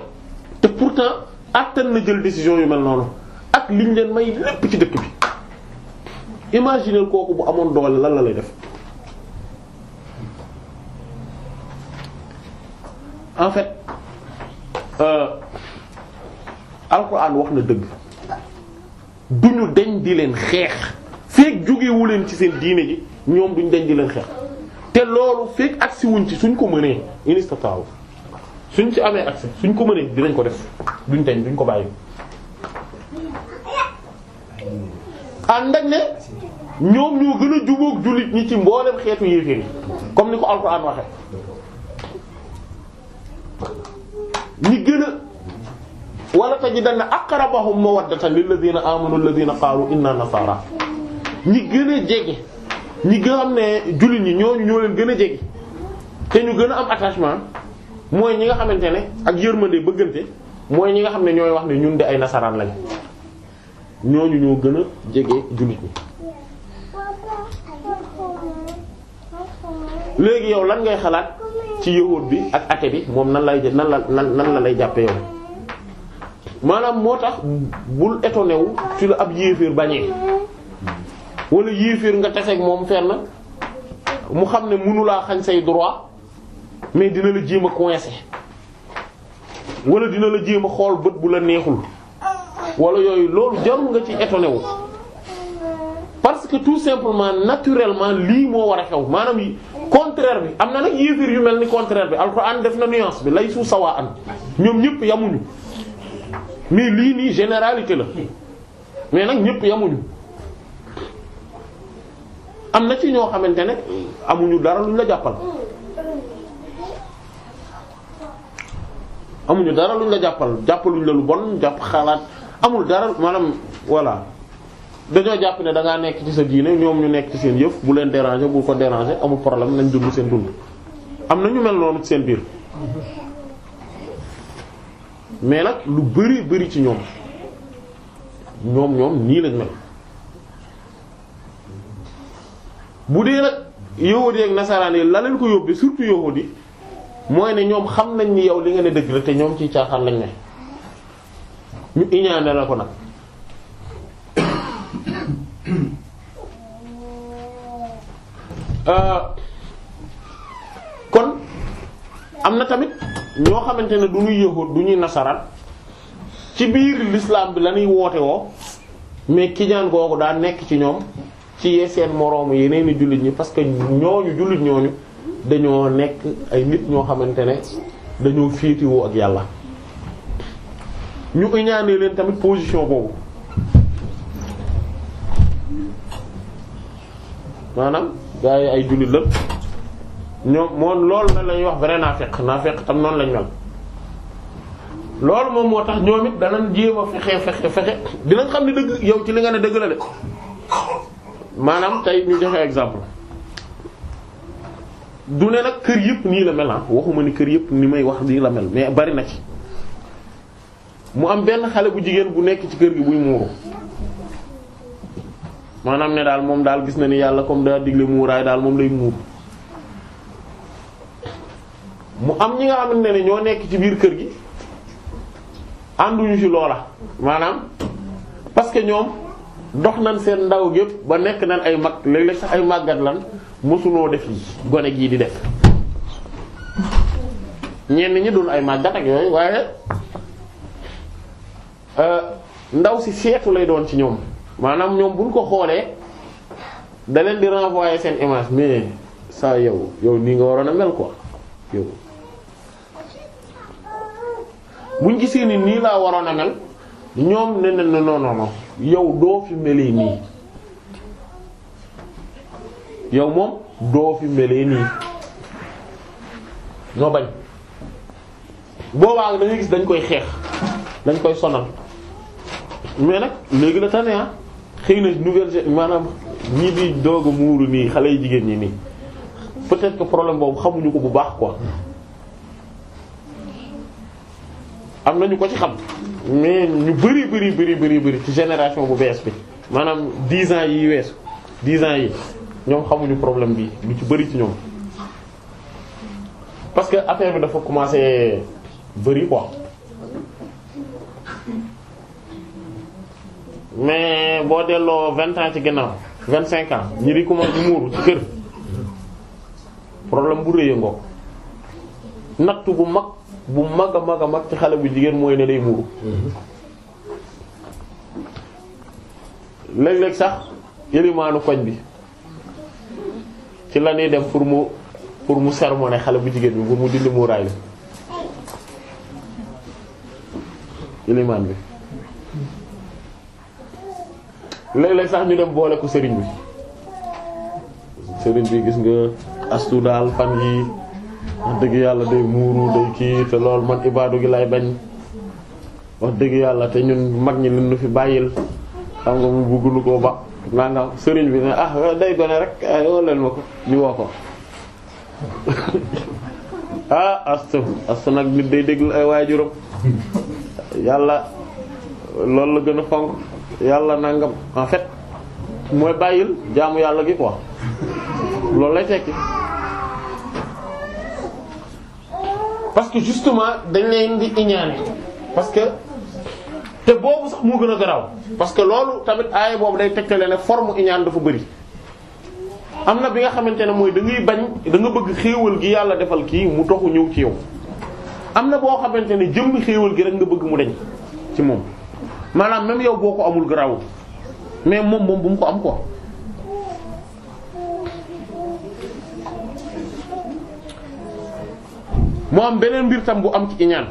te pourtant attan na jël décision yu mel noonu ak liñ leen may lépp ci dëkk bi imaginer kooku bu amoon doole lan la lay def en fait euh, alxuraan wax na dëgg duñu deñ di leen xeex feek jógewu leen ci seen diine ji ñoom duñ deñ di leen xeex te loolu feek agsi wuñ ci suñ ko mënee inistataw suñ ci amee accès suñ ko mënee dinañ ko def duñ teñ duñ ko bàyyi ànd ak ne ñoom ñoo gën a jubóog jullit ñi ci mboolem xeetu yéeféer yi comme ni ko alxuraan waxe ñi gën a wala tajidanna aqrabahum mawaddatan lilladhina amanu alladhina qalu inna nasara ñi gën a jege ñi nga xam ne jullit ñi ñooñu ñoo leen gën a jege te ñu gën a am attachement mooy ñi nga xamante ne ak yërmande bëggante mooy ñi nga xam ne ñooy wax ne ñun de ay nasaraan lañ ñooñu ñoo gën a jege jullit ñi léegi yow lan ngay xalaat ci yahuud bi ak athée bi moom nan lay nan la nan la lay jàppe yow maanaam moo tax bul étonné wu ci la ab yéeféer bañee wala yéeféer nga taseeg moom fenn mu xam ne mënulaa xañ say droit mais dina la jéem a coincé wala dina la jéem a xool bët bu la neexul wala yooyu loolu jarul nga ci étonné wu parce que tout simplement naturellement lii moo war a xew maanaam yi contraire bi am na nag yéefir yu mel ni contraire bi alxuraan def na nuance bi lay suuf sawaa an ñoom ñëpp yamuñu mais lii nii généralité la mais nag ñëpp yamuñu am na ci ñoo xamante ne amuñu dara luñ la jàppal amuñu dara luñ la jàppal jàppaluñ la lu bon jàpp xalaat amul dara maanaam voilà dañoo jàpp ne da nekk ci sa diine ñoom ñu nekk ci seen yëpp bu leen déranger bu ko déranger amul problème nañ dund seen dund am na ñu mel noonu seen biir mais nag lu bari bari ci ñoom ñoom ñoom nii lañ mel bu dee nag yahudi ak nasaraan yi la leen ko yóbbee surtout yahudi mooy ne ñoom xam nañ ni yow li nga ne dëgg la te ñoom ci caaxaan lañ ne ñu iñaane la ko nag euh, kon am na tamit ñoo xamante ne du ñuy yëhoot du ñuy nasaraan ci biir l'islam bi la ñuy woote woo mais kijaan googu daa nekk ci ñoom ci seen moroomu yeneen i jullit ñi parce que ñooñu jullit ñooñu dañoo nekk ay nit ñoo xamante ne dañoo féetiwoo ak yàlla ñu iñaanee leen tamit position boobu maanaam gaa yi ay jullit la ñoom moom loolu na lañuy wax vrai naafeq naafeq tam noonu lañ mel loolu moom moo tax ñoom it danañ jéem a fexe fexe fexe dinañ xam ni dëgg yow ci li nga ne dëgg la de maanaam tey ñu joxe exemple du ne nag kër yëpp nii la mel ah, waxuma ni kër yëpp ni may wax nii la mel mais bari na ci mu am benn xale bu jigéen bu nekk ci kër gi buy muuru maanaam ne daal moom daal gis na ni yàlla comme daal digle muuraay daal moom lay muur mu am ñi nga xamante ne ñoo nekk ci biir kër gi ànduñu ci loola maanaam parce que ñoom dox nañ seen ndaw gépp ba nekk nañ ay mag léeg-léeg sax ay màggat lan mosuloo def yi gone gii di def ñenn ñi dul ay màggat ak yooyu waaye euh, ndaw si seetu lay doon ci ñoom maanaam ñoom buñ ko xoolee da leen di renvoyer seen image mais saa yow yow nii nga waroon a mel quoi buñ gisee ni nii laa waroon a mel ñoom ne ne non yow doo fi meli nii. yow moom doo fi melee nii ñoo bañ boobaa da ngay gis dañ koy xeex dañ koy sonal mais nag léegi la tane ah xëy na nouvelle maanaam ñii di doog a muuru nii xale yu jigéen ñi nii peut-être que problème boobu xamuñu ko bu baax ko am nañu ko ci xam mais ñu bari bari bari bari bari ci génération bu bees bi maanaam dix ans yi weesu dix ans yi ñoom xamuñu problème bi lu ci bëri ci ñoom parce que affaire bi dafa commencer bëri ko mais boo delloo vingt ans ci ginnaaw vingt cinq ans ñi di commencer muuru ci kër problème bu rëy ngoog nattu bu mag bu mag a mag a mag ci xale bu jigéen mooy ne day muuru mm-hmm. léeg-léeg sax élimaanu koñ bi ci la ñuy dem pour mu pour mu sermonner xale bu jigéen bi pour mu dindi muuraay bi ilimaan bi léeg-léeg sax ñu dem boole ko sëriñ bi sëriñ bi gis nga astu daal fan yi wax dëgg yàlla day muuru day kii te lool man ibaadu gi lay bañ wax dëgg yàlla te ñun mag ñi lu fi bàyyil xam nga mu bëgguñu koo ba maanaam sëriñ bi ne ah day gone rek ay ah, woo leen ma ko ñu woo ko ah asta asta nag nit day déglu ay waajuram yàlla loolu la gën a fonk yàlla nangam en fait mooy bàyyil jaamu yàlla gi quoi loolu lay tekki parce que dañ leen di iñaane parce te boobu sax moo gën a garaaw parce que loolu tamit aaya boobu day tegtale ne form iñaan dafa bari am na bi nga xamante ne mooy dangay bañ danga bëgg xéewal gi yàlla defal kii mu toxu ñëw ci yow am na boo xamante ne jëmm xéewal gi rek nga bëgg mu deñ ci moom maanaam même yow boo ko amul garaawul mais moom moom bu mu ko am ko mu am beneen mbir tam bu am ci iñaan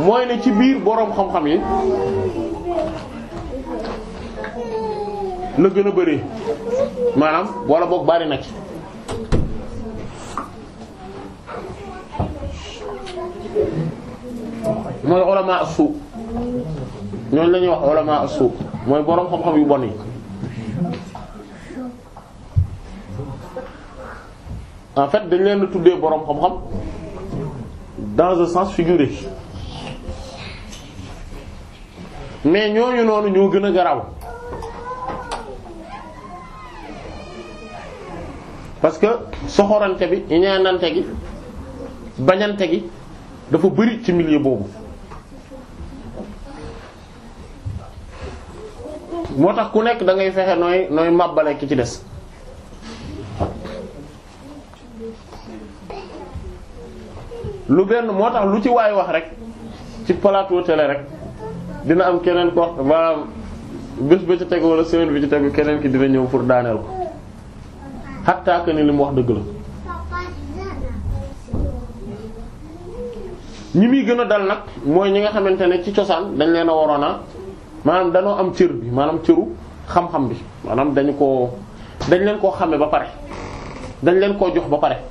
mooy ne ci biir boroom xam-xam yi la gën a bëri maanaam wala boog bari na ci mooy ulama suuf ñooñu la ñuy wax ulama suuf mooy boroom xam-xam yu bon yi en fait dañ leen tuddee boroom xam-xam dans un sens mais ñooñu noonu ñoo gën a garaaw parce que soxorante bi iñaanante gi bañante gi dafa bari ci milieu boobu moo tax ku nekk dangay fexe nooy nooy màbbale ki ci des lu benn moo tax lu ci waay wax rek ci plateau télé rek dina am keneen ko maanaam bés ba tegu wala semaine bi ci tegu keneen ki dina ñëw pour daaneel ko xattaa que ni li mu wax dëgg la. ñi muy gën a dal nag mooy ñi nga xamante ne ci cosaan dañ leen a waroon a maanaam danoo am cër bi maanaam cëru xam-xam bi maanaam dañu ko dañ leen koo xame ba pare dañ leen koo jox ba pare.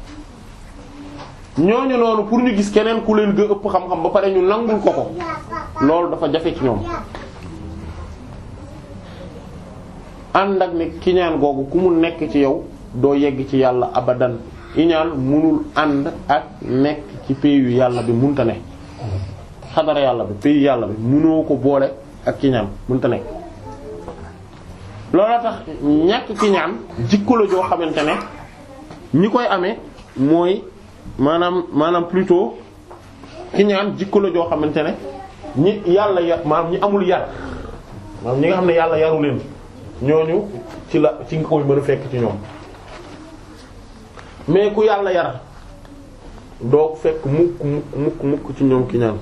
ñooñu noonu pour ñu gis keneen ku leen gën ëpp xam-xam ba pare ñu nangul ko ko loolu dafa jafe ci ñoom ànd ak ne googu ku nekk ci yow doo yegg ci yàlla abadan iñaan ànd ci payu yàlla bi munta ne xadara yàlla bi payu yàlla bi munoo ko boole ak kiñaan munta ne loola tax ñàkk kiñaan jikko joo xamante ne ñi koy amee mooy maanaam maanaam pluto kiñaan jikko joo xamante ne ñi yàlla yar maam ñi amul yar maanaam ñi nga xam ne yàlla yaru leen ñooñu ci la ci nga koy mën a fekk ci ñoom mais ku yàlla yar doo fekk mukk mukk mukk mukk ci ñoom kiñaan.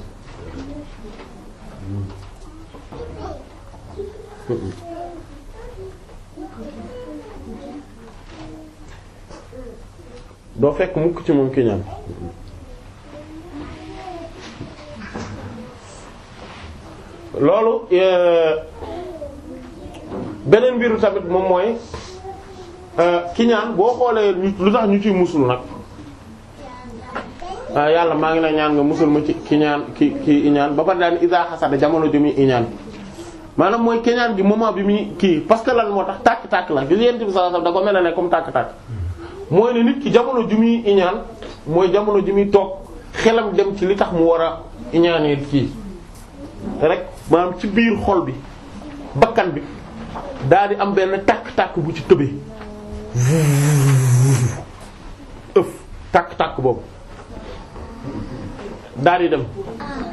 doo fekk mukk ci moom kiñaan loolu euh, beneen mbiru tamit moom mooy euh, kiñaan boo xoolee lu tax ñu ci muslu nag euh, yàlla maa ngi la ñaan nga musul ma ci kiñaan kii kii iñaan ba pare daan iza hasada jamono ju muy iñaan maanaam mooy kiñaan gi moment bi muy kii parce que lan moo tax tàkk-tàkk la gis yéen bi sallallahu alayhi wasallam da ko mel ne comme tàkk-tàkk mooy ne nit ki jamono ju muy iñaan mooy jamono ji muy toog xelam dem ci li tax mu war a iñaanee kii rek maanaam ci biir xol bi bakkan bi daal am benn tàkk-tàkk bu ci tëbee ëf tàkk-tàkk boobu daal di dem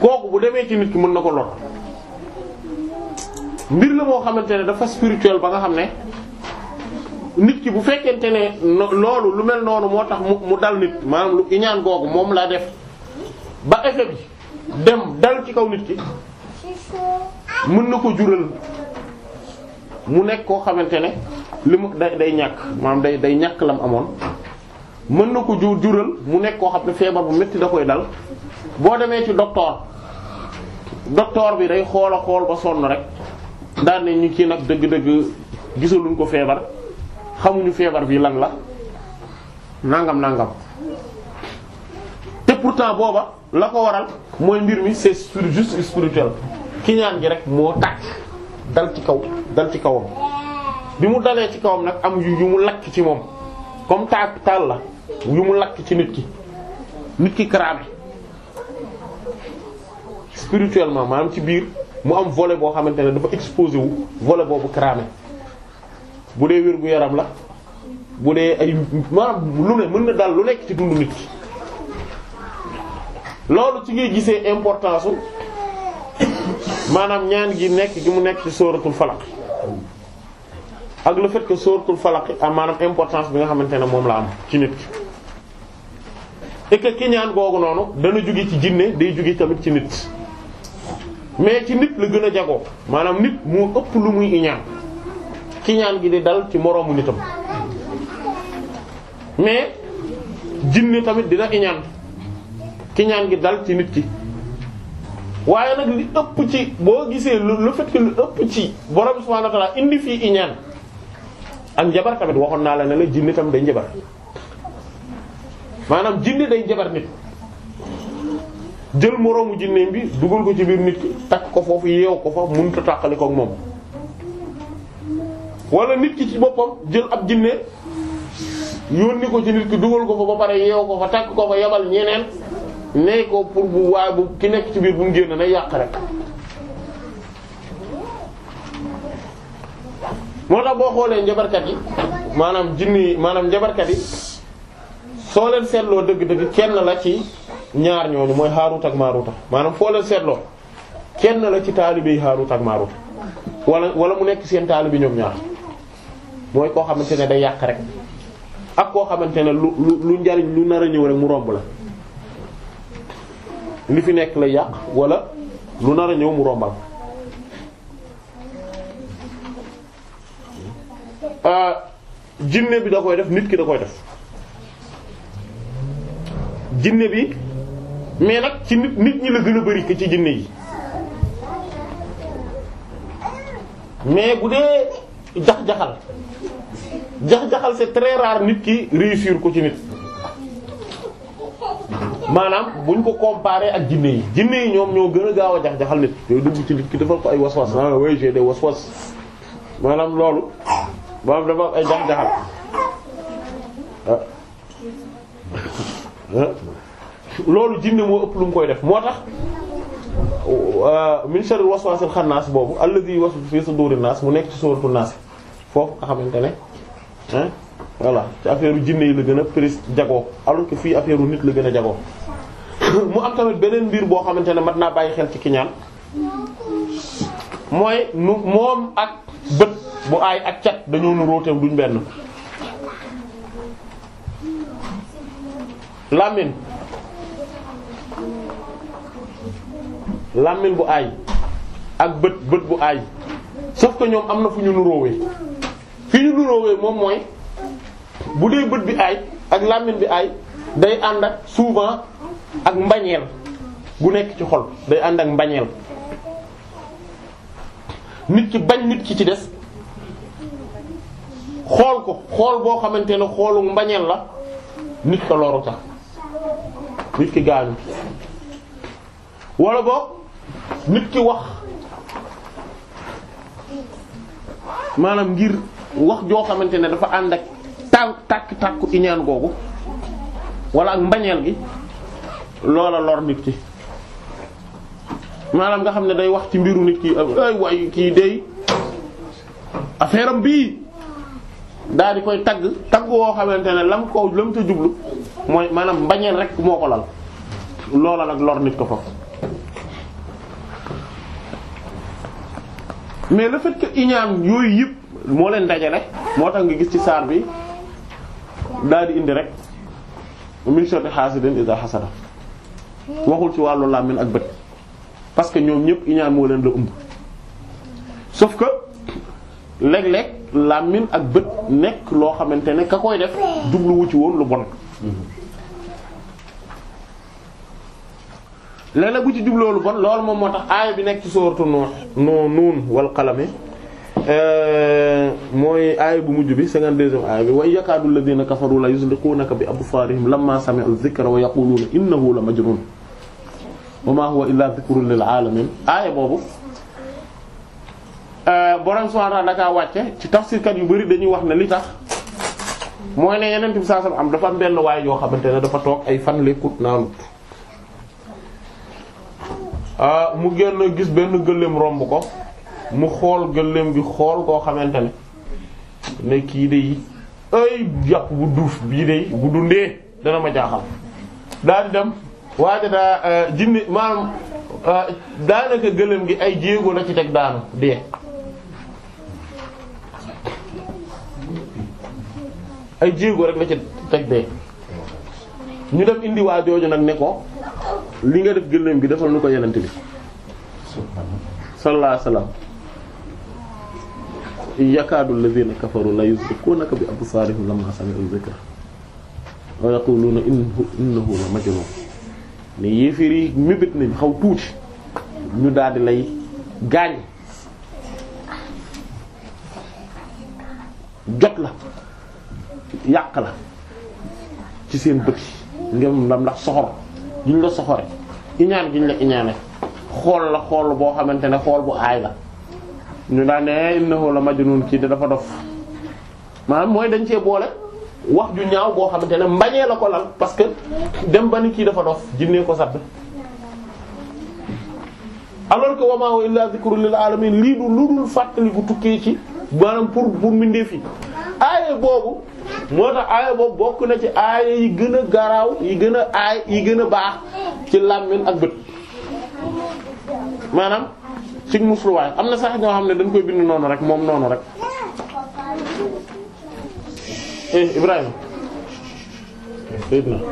kooku bu demee ci nit ki mën na ko lor mbir la moo xamante ne dafa spirituel ba nga xam ne nit ki bu fekkente ne loolu lu mel noonu moo tax mu dal nit maanaam lu iñaan googu moom laa def ba effet bi dem dal ci kaw nit ki mën na ko jural mu nekk koo xamante ne li mu day day ñàkk day day ñàkk lam amoon mën na ko jur jural mu nekk xam ne feebar bu métti da koy dal boo demee ci docteur docteur bi day xool a xool ba sonn rek daan ne ñu kii nag dëgg-dëgg gisaluñ ko feebar xamuñu feebar bi lan la nangam nangam te pourtant booba la ko waral mooy mbir mi c'est spirituel ki ñaan gi rek moo tàkk dal ci kaw dal ci kawam bi mu dalee ci kawam nag am yu yu mu lakk ci moom comme taak taal la yu mu lakk ci nit ki nit ki cramé spirituellement maanaam ci biir mu am volet boo xamante ne dafa exposé wu volet boobu cramé bu dee wér gu yaram la bu dee ay maanaam lu ne mën na daal lu nekk ci dundu nit loolu ci ngay gisee importance maanaam ñaan gi nekk gi mu nekk ci sóoratul falaq ak le fait que sóoratul falaq am maanaam importance bi nga xamante ne moom la am ci nit ki et ki ñaan googu noonu dana jóge ci jinne day jóge tamit ci nit mais ci nit la gën a jagoo maanaam nit moo ëpp lu muy iñaan kiñaan gi di dal ci moroomu nitam mais jinne tamit dina iñaan kiñaan gi dal ci nit ki waaye nag li ëpp ci boo gisee le fait lu ëpp ci borom subhanahu wa indi fii iñaan ak njabar tamit waxoon naa la ne la jinne tamit day njabar maanaam jinne day njabar nit jël moroomu jinne bi dugal ko ci biir nit ki takk ko foofu yeew ko fa mënut a tàqali moom wala nit ki ci boppam jël ab jinne yónni ko ci nit ki dugal ko fa ba pare yeew ko fa takk ko fa yabal ñeneen ne ko pour bu waaye bu ki nekk ci biir bu mu génn na yàq rek moo tax boo xoolee njabarkat yi maanaam jinne yi maanaam njabarkat yi soo leen seetloo dëgg-dëgg kenn la ci ñaar ñooñu mooy Haarut ak Maaruta maanaam foo leen seetloo kenn la ci taalibe yi Haarut ak Maaruta wala wala mu nekk seen taalibe ñoom ñaar mooy koo xamante ne day yàq rek ak koo xamante ne lu lu njariñ lu nar a ñëw rek mu romb la li fi nekk lay yàq wala lu nar a ñëw mu rombal euh, jinne bi da koy def nit ki da koy def jinne bi mais nag ci nit nit ñi la gën a bari que ci jinne yi mais bu dee jax-jaxal jax-jaxal c'est très rare nit ki réussir ko ci nit maanaam buñ ko comparer ak jinne yi jinne yi ñoom ñoo gën a gaaw a jax-jaxal nit yow dugg ci nit ki defal ko ay waswas ah oui j'ai maanaam loolu maanaam dama am ay jax-jaxal ah. Ah. loolu jinne moo ëpp lu mu koy def moo tax euh, min sharril waswasil xannaas boobu alladhi yuwaswisu fi sudurin naas mu nekk ci sóoratu foofu nga xamante ne hein voilà ci affaire jinne yi la gën a pris jagoo alors que fii affaire nit la gën a jagoo mu am tamit beneen mbir boo xamante ne mat naa bàyyi xel ci kiñaan mooy nu moom ak bët bu ay ak cat dañoo nu róoteew benn làmmiñ làmmiñ bu ay ak bët bët bu aay sauf que ñoom am na fu ñu nu ki ñu nuroowee moom mooy bu dee bët bi aay ak làmmiñ bi ay day ànd ak souvent ak mbañeel gu nekk ci xol day ànd ak mbañeel nit ki bañ nit ki ci des xool ko xool boo xamante ne xoolu mbañeel la nit ko loru tax nit ki gaañu wala boog nit ki wax maanaam ngir wax joo xamante ne dafa ànd ak tànk tàkk tàkku iñaan googu wala ak mbañeel gi loola lor nit ki maanaam nga xam ne day wax ci mbiru nit ki ay way kii day affaire bii daal di koy tagg tagg woo xamante ne lam ko lam ca jublu mooy maanaam mbañeel rek moo ko lal loola nag lor nit ko fa mais le fait iñaan yooyu yëpp moo leen dajale moo tax nga gis ci saar bi daal di indi rek min sharri hasidin iza hasada waxul ci wàllu làmmiñ ak bët parce que ñoom ñëpp iñaan moo leen la ëmb sauf que léeg-léeg làmmiñ ak bët nekk loo xamante ne ka koy def jubluwu ci woon lu bon léeg-léeg bu ci jubluwu lu bon loolu moom moo tax aaya bi nekk ci sooratu Nuh noonu wal qalami Euh, mooy aaya bu mujj bi 52e aaya bi wa yakaadu alladhiina kafaru la yuzliquunaka bi absaarihim lammaa sami'u dhikra wa yaquluuna innahu la majnuun wa maa huwa illaa dhikrun lil aaya boobu euh, borom subhaanahu wa wàcce ci tafsirkat yu bari dañuy wax ne li tax mooy ne yeneen bi saa am dafa benn waay yoo xamante ne dafa toog ay fan lekkut naanut euh, mu génn gis benn gëléem romb ko. mu xool gëléem gi xool koo xamante ne ne kii day ay yàpp bu duuf bii day bu dundee dana ma jaaxal daal di dem waaye daa euh, jinne maanaam euh, daanaka gëléem gi ay jéego la ci teg daanu dee ay jéego la ci teg ñu dem indi waa jooju nag ne ko li nga def gëléem gi defal nu ko yenente bi sallallahu alayhi yakaadu alladhina kafaru la yuzliqunaka bi absarihim lamma sami'u dhikra wa yaquluna innahu innahu la majnun ne yéeféer yi mébét nañ xaw tuuti ñu daldi lay gaañ jot la yàq la ci seen bët ngeen lam ndax soxor giñ la soxore iñaan giñ la iñaane xool la xool boo xamante ne xool bu aay la ñu daan ne innahu la majnun kii de dafa dof maanaam mooy dañ cee boole wax ju ñaaw boo xamante ne mbañee la ko lal parce que dem ba ni kii dafa dof jinnee ko sàdd alors que wa ma huwa illa dhikrun alamin lii du lu dul fàttali bu tukkee ci maanaam pour pour mbindeef yi aaya boobu moo tax aaya boobu bokk na ci aaya yi gën a garaaw yi gën a aay yi gën a baax ci làmmiñ ak bët maanaam ci mufluwaay am na sax ñoo xam ne dañ koy bind noonu rek moom noonu rek eh Ibrahima na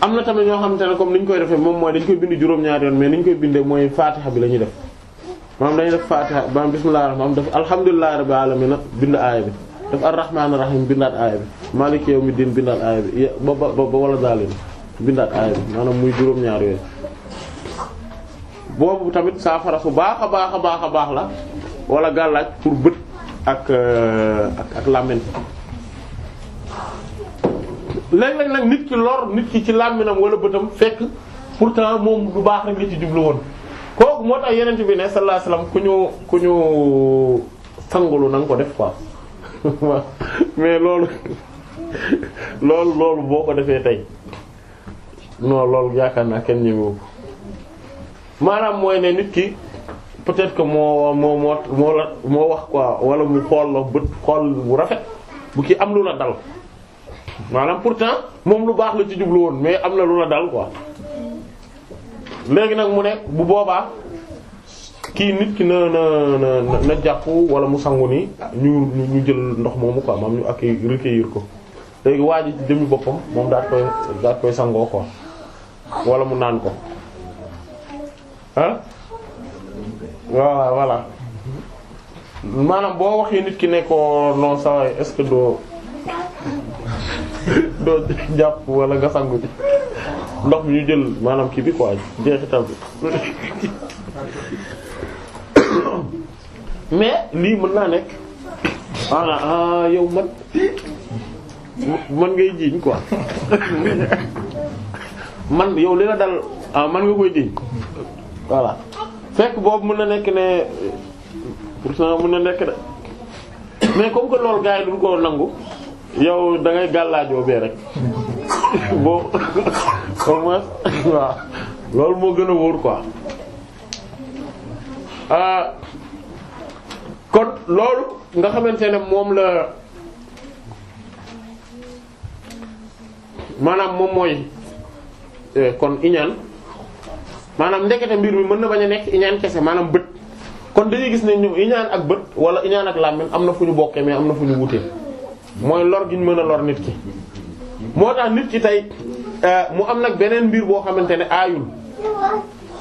am na tamit ñoo xamante ne comme ni koy defee moom mooy dañ koy bind juróom-ñaari yoon mais ni ñu koy bindee mooy faatixa bi la ñuy def maanaam dañuy def faatiha maanaam bismillahir rahmanir rahim def alhamdulillahi rabbil alamin bind aaya bi def arrahmanir rahim bindaat aaya bi maliki yawmiddin bindaat aaya bi ba ba ba wala daalin bindaat aaya bi maanaam muy juróom-ñaar yooyu boobu tamit saafara su baax a baax a baax a baax la wala gàllaaj pour bët ak euh, ak ak làmmiñ léeg-léeg nag nit ki lor nit ki ci làmmiñam wala bëtam fekk pourtant moom lu baax rek la ci jublu woon kooku moo tax yeneen bi ne sallallahu alayhi ku ñu ku ñu sangulu na ko def quoi mais loolu loolu loolu boo ko defee tey non loolu yaakaar naa kenn ñëwee ko maanaam mooy ne nit ki peut-être que moo moo moo moo wax quoi wala mu xool la bët xool bu rafet bu ki am lu la dal maanaam pourtant moom lu baax la ci jublu woon mais am na lu la dal quoi. léegi nag mu nekk bu boobaa kii nit ki na na na na jàpp wala mu sangu ni ñu ñu jël ndox moomu quoi maam ñu ak recueillir ko léegi waa ji jëmi boppam moom daat koy daat koy sangoo ko wala mu naan ko ah voilà voilà maanaam boo waxee nit ki ne ko non ça est doo jàpp wala nga sangu ci ndox mi ñu jël maanaam kii bi quoi jeexital bi mais lii mën naa nekk ah, yow man man ngay jiiñ quoi man yow li la dal ah, man nga koy jiiñ voilà fekk boobu mën na nekk ne pourtant mën na nekk de mais comme que loolu gars yi duñ ko nangu. yow dangay ngay gàllaajoo bee rek bon au moins waaw loolu moo gën a wóor ko quoi ah, kon loolu nga xamante ne moom la maanaam moom mooy eh, kon iñaan maanaam ndekete mbir mi mën na bañ a nekk iñaan kese maanaam bët kon dañuy gis ne ñu iñaan ak bët wala iñaan ak làmmiñ am na fu ñu bokkee mais am na fu ñu wutee mooy lor gi mën a lor nit ki moo tax nit ki tey euh, mu am nag beneen mbir boo xamante ne aayul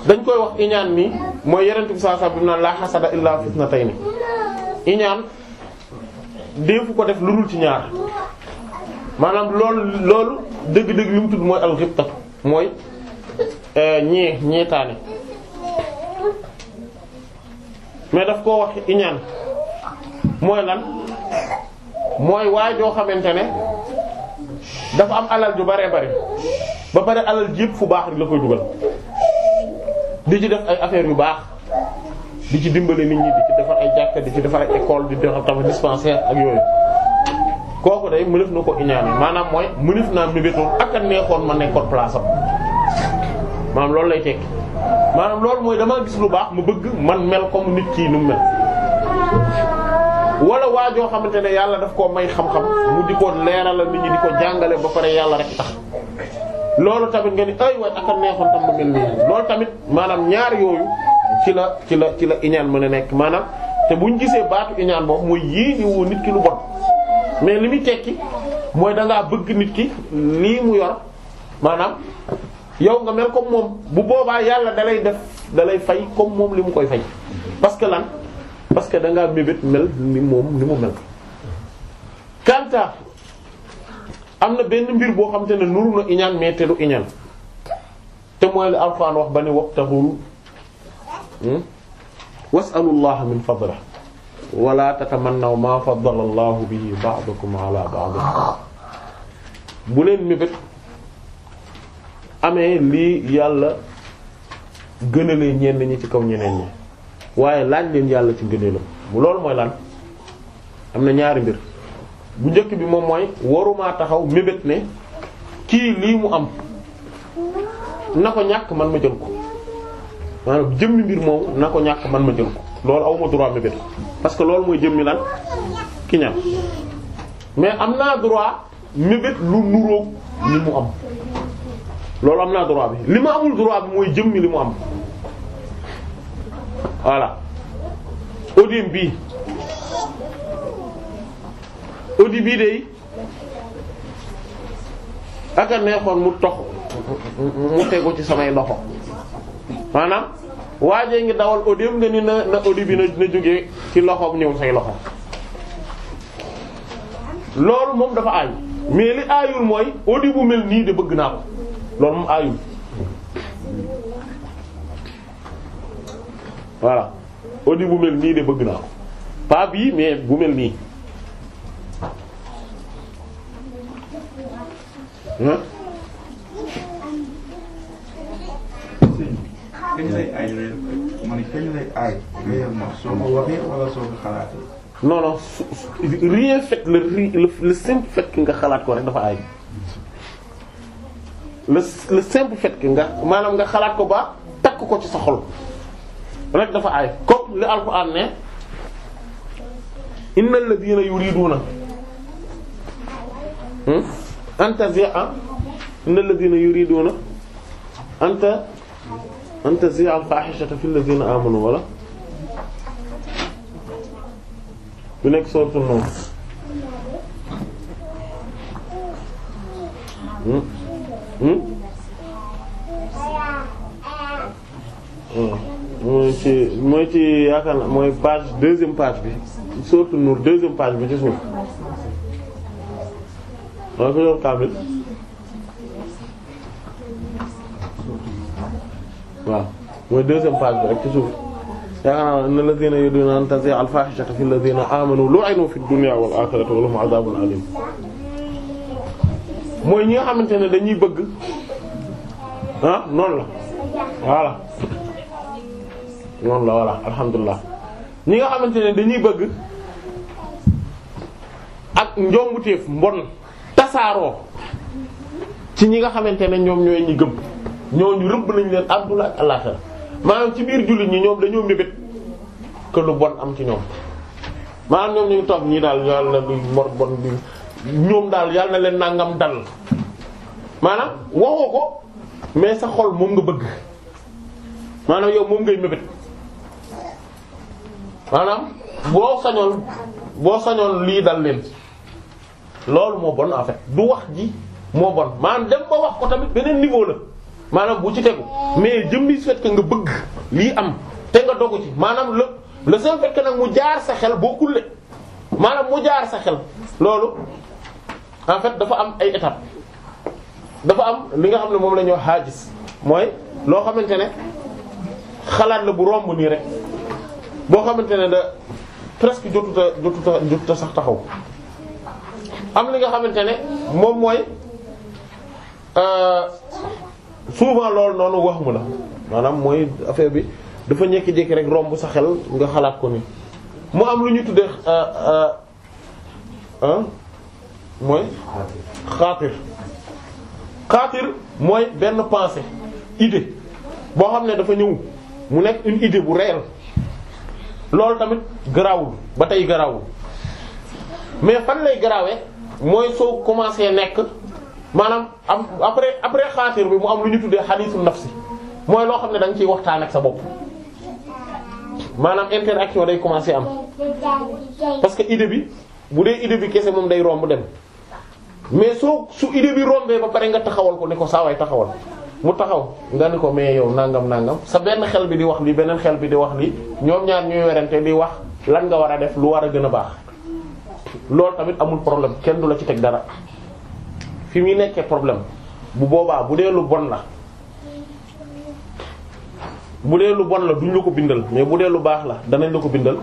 dañ koy wax iñaan mi mooy yeneen bi saa saa bi mu naan laa xasada illaa fitnatayni iñaan deefu ko def lu dul ci ñaar maanaam loolu loolu dëgg-dëgg li mu tudd mooy alxibta mooy euh, ñee ñeetaane mais daf koo wax iñaan mooy lan mooy waay joo xamante ne dafa am alal ju baree bari ba pare alal ji yëpp fu baax rek la koy dugal di ci def ay affaires yu baax di ci dimbale nit ñi di ci defar ay jàkka di ci defar ay école di defar tamit dispensaire ak yooyu kooku de mënef na ko iñaan maanaam mooy mënef naa mébétoon ak a neexoon ma nekkoon place am loolu lay tekki maanaam loolu mooy dama gis lu baax mu bëgg man mel ko mu nit kii nu mu mel wala waa joo xamante ne yàlla daf koo may xam-xam mu di ko leeral nit ñi di ko jàngale ba pare yàlla rek tax loolu tamit nga ni ay waay ak a neexoon tam ma mel nii loolu tamit maanaam ñaar yooyu ci la ci la ci la mën a nekk maanaam te buñ gisee baatu iñaan boobu mooy yéene woo nit ki lu bon mais li muy tekki mooy da ngaa bëgg nit ki lii mu yor maanaam yow nga mel ko moom bu boobaa yàlla dalay def dalay fay comme moom li mu koy fay parce lan. parce que da ngaa mébét mel ni moom ni mu mel. kanta am na benn mbir boo xam te ne nuru na iñaan mais iñaan te mooy la Alxuraan wax ba ne wabtaghuu hmm? was'alullaha min fadlihi wala tatamannaw ma faddala Allahu bihi ba'dakum bu leen mébét amee lii yàlla gënalee ñenn ñi ci kaw ñeneen ñi waaye laaj leen yàlla ci ngëneelam bu loolu mooy lan am na ñaari mbir bu njëkk bi moom mooy waruma taxaw mébét ne kii lii mu am na ko ñàkk man ma jël ko maanaam jëmmi mbir moomu na ko ñàkk man ma jël ko loolu awma droit mébét parce que loolu mooy jëmmi lan ki ñam mais am naa droit mébét lu nuroog li mu am loolu am naa droit bi li ma amul droit bi mooy jëmmi li mu am voilà audime bii audi bii day ak a neexoon mu tox mu tegu ci samay loxo maanaam waajee ngi dawal audi nga ni na na audi bi na jóge ci loxoom ñëw say loxo loolu moom dafa aay mais li aayul mooy audi bu mel nii de bëgg naa ko loolu moom aayul voilà audio bu mel nii de bëgg naa ko pas bii mais bu mel nii non non rien fait le le le simple fait nga xalaat ko rek dafa aay le le simple fait nga maanaam nga xalaat ko ba takk ko ci sa xol rek dafa aay comme li alxuraan ne innal ladina yuriduna hmm? an tazia innal ladina yuriduna anta an tazia al fahishata fil ladina amanu wala bu nekk sortu noonu mooy ci mooy ci yaakaar mooy page deuxième page bi surtout Nuur deuxième page bi ci suuf waaw ko yor kaamil waaw mooy deuxième page bi rek ci suuf yaakaar naa inna alladhina yuriiduna an tazi'a al-faahishata fi alladhina aamanu lu'inu fi dunya wal aaxirati wa lahum 'adhaabun mooy ñi nga xamante ne dañuy bëgg ah noonu la voilà noonu la voilà alhamdulilah ñi nga xamante ne dañuy bëgg ak njombuteef mbon tasaaroo ci ñi nga xamante ne ñoom ñoo ñi gëm ñooñu rëbb nañ leen àdduna ak àllaxira maanaam ci biir jullit ñi ñoom dañoo mébét que bon am ci ñoom maanaam ñoom toog ñii daal yàlla na lu mor bon ñoom daal yàlla na leen nangam dal maanaam waxoo ko mais sa xol moom nga bëgg maanaam yow moom ngay mébét maanaam boo sañoon boo sañoon lii dal leen loolu moo bon en fait du wax ji moo bon maanaam dem ba wax ko tamit beneen niveau la maanaam bu ci tegu mais jëmmi su fekkee nga bëgg lii am te nga dogu ci maanaam le le seul fait que nag mu jaar sa xel boo kulle maanaam mu jaar sa xel loolu en dafa am ay étapes dafa am li nga xam ne moom la ñuy mooy loo xamante ne xalaat la bu romb nii rek boo xamante ne da presque jotuta jotuta sax taxaw am li nga xamante ne moom mooy euh, souvent loolu noonu wax mu la maanaam mooy affaire bi dafa ñekki-jékki rek romb sa xel nga xalaat ko ni mu am lu ñu tudde euh, euh, mooy xaatir xaatir mooy benn pensée idée boo xam ne dafa ñëw mu nekk une idée bu réelle loolu tamit garaawul ba tey garaawul mais fan lay garaawee mooy soo commencé nekk maanaam am après après xaatir bi mu am lu ñu tuddee xadiisul si mooy loo xam ne da nga ciy waxtaan ak sa bopp maanaam interaction day commencé am parce que idée bi bu dee idée bi kese moom day romb dem mais soo su idée bi rombee ba pare nga taxawal ko ne ko saa taxawal. mu taxaw nga ni ko mais yow nangam nangam sa benn xel bi di wax li beneen xel bi di wax li ñoom ñaar ñuy werante di wax lan nga war a def lu war a gën a baax loolu tamit amul problème kenn du la ci teg dara fi muy nekkee problème bu boobaa bu dee lu bon la bu dee lu bon la duñ la ko bindal mais bu dee lu baax la danañ la ko bindal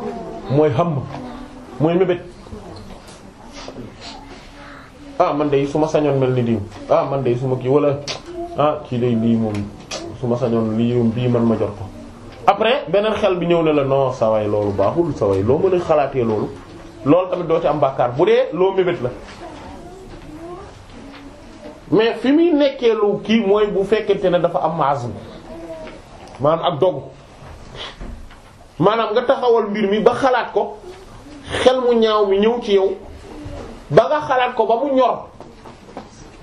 mooy xam mooy mébét ah man de su ma sañoon mel ni diw ah man de su ma kii wala ah kii day lii moom su ma sañoon lii moom bii man ma jot ko après beneen xel bi ñëw ne la non saway loolu baaxul saway loo mën a xalaatee loolu loolu tamit doo ci am bàkkaar bu dee loo mébét la mais fi muy nekkee lu kii mooy bu fekkante ne dafa am azm maanaam ak dogu maanaam nga taxawal mbir mi ba xalaat ko xel mu ñaaw mi ñëw ci yow ba nga xalaat ko ba mu ñor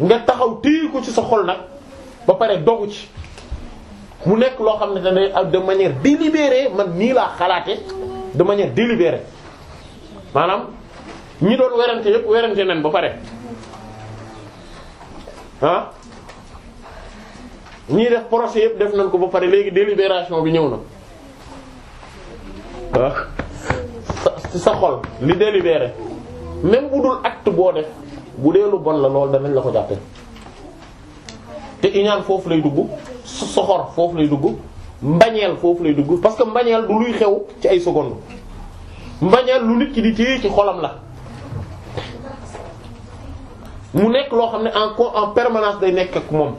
nga taxaw téye ko ci sa xol nag ba pare dogu ci mu nekk loo xam ne da de manière délibérée man nii laa xalaate de manière délibérée maanaam ñi doon werante yépp werante nañ ba pare ah ñii def procès yépp def nañ ko ba pare léegi délibération bi ñëw na waaw ah? sa sa xol li délibéré même bu dul acte boo def bu dee lu bon la loolu danañ la ko jàppee. te iñaan foofu lay dugg soxor foofu lay dugg mbañeel foofu lay dugg parce que mbañeel du luy xew ci ay seconde mbañeel lu nit ki di téye ci xolam la mu nekk loo xam ne en en permanence day nekk ak moom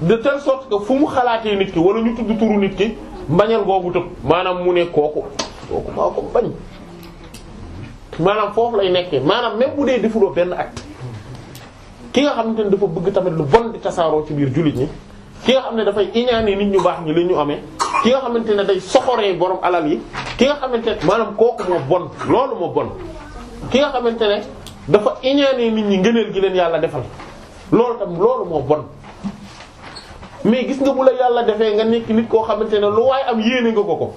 de telle sorte que fu mu xalaatee nit ki wala ñu tudd turu nit ki mbañeel googu tëb maanaam mu ne kooku kooku maa ko bañ maanaam foofu lay nekkee maanaam même bu dee defuloo benn acte ki nga xamante ne dafa bëgg tamit lu bon di tasaaroo ci biir jullit ñi ki nga xam ne dafay iñaane nit ñu baax ñi li ñu amee ki nga xamante ne day soxoree borom alal yi ki nga xamante ne maanaam bon loolu moo bon ki nga xamante ne dafa iñaane nit ñi ngëneel gi leen yàlla defal loolu tam loolu moo bon mais gis nga bu la yàlla defee nga nekk nit koo xamante ne lu waaye am yéene nga ko ko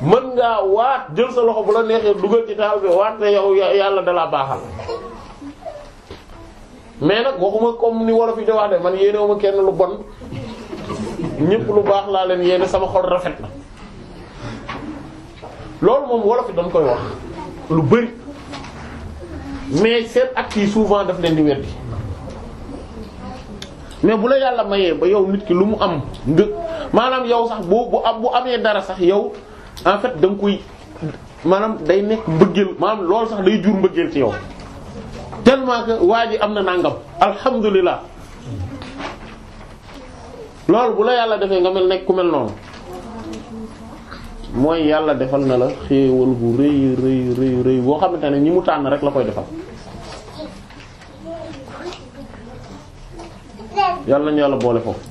mën ngaa waat jël sa loxo bu la neexee dugal ci taal bi waat ne yow yàlla dalaa baaxal mais nag waxuma comme ni wolof yi di wax de man yéene ma kenn lu bon ñépp lu baax laa leen yéene sama xol rafet na loolu moom wolof yi dañ koy wax lu bari mais seet ak yi souvent daf leen di weddi mais bu la yàlla mayee ba yow nit ki lu mu am nga maanaam yow sax boo bu am bu amee dara sax yow en fait da koy maanaam day nekk mbëggeel maanaam loolu sax day jur mbëggeel ci yow. tellement que waa ji am na nangam alhamdulilah loolu bu la yàlla defee nga mel nekk ku mel noonu mooy yàlla defal na la xéewal bu rëy rëy rëy boo xamante ne ñi mu tànn rek la koy defal yàlla nañu yàlla boole foofu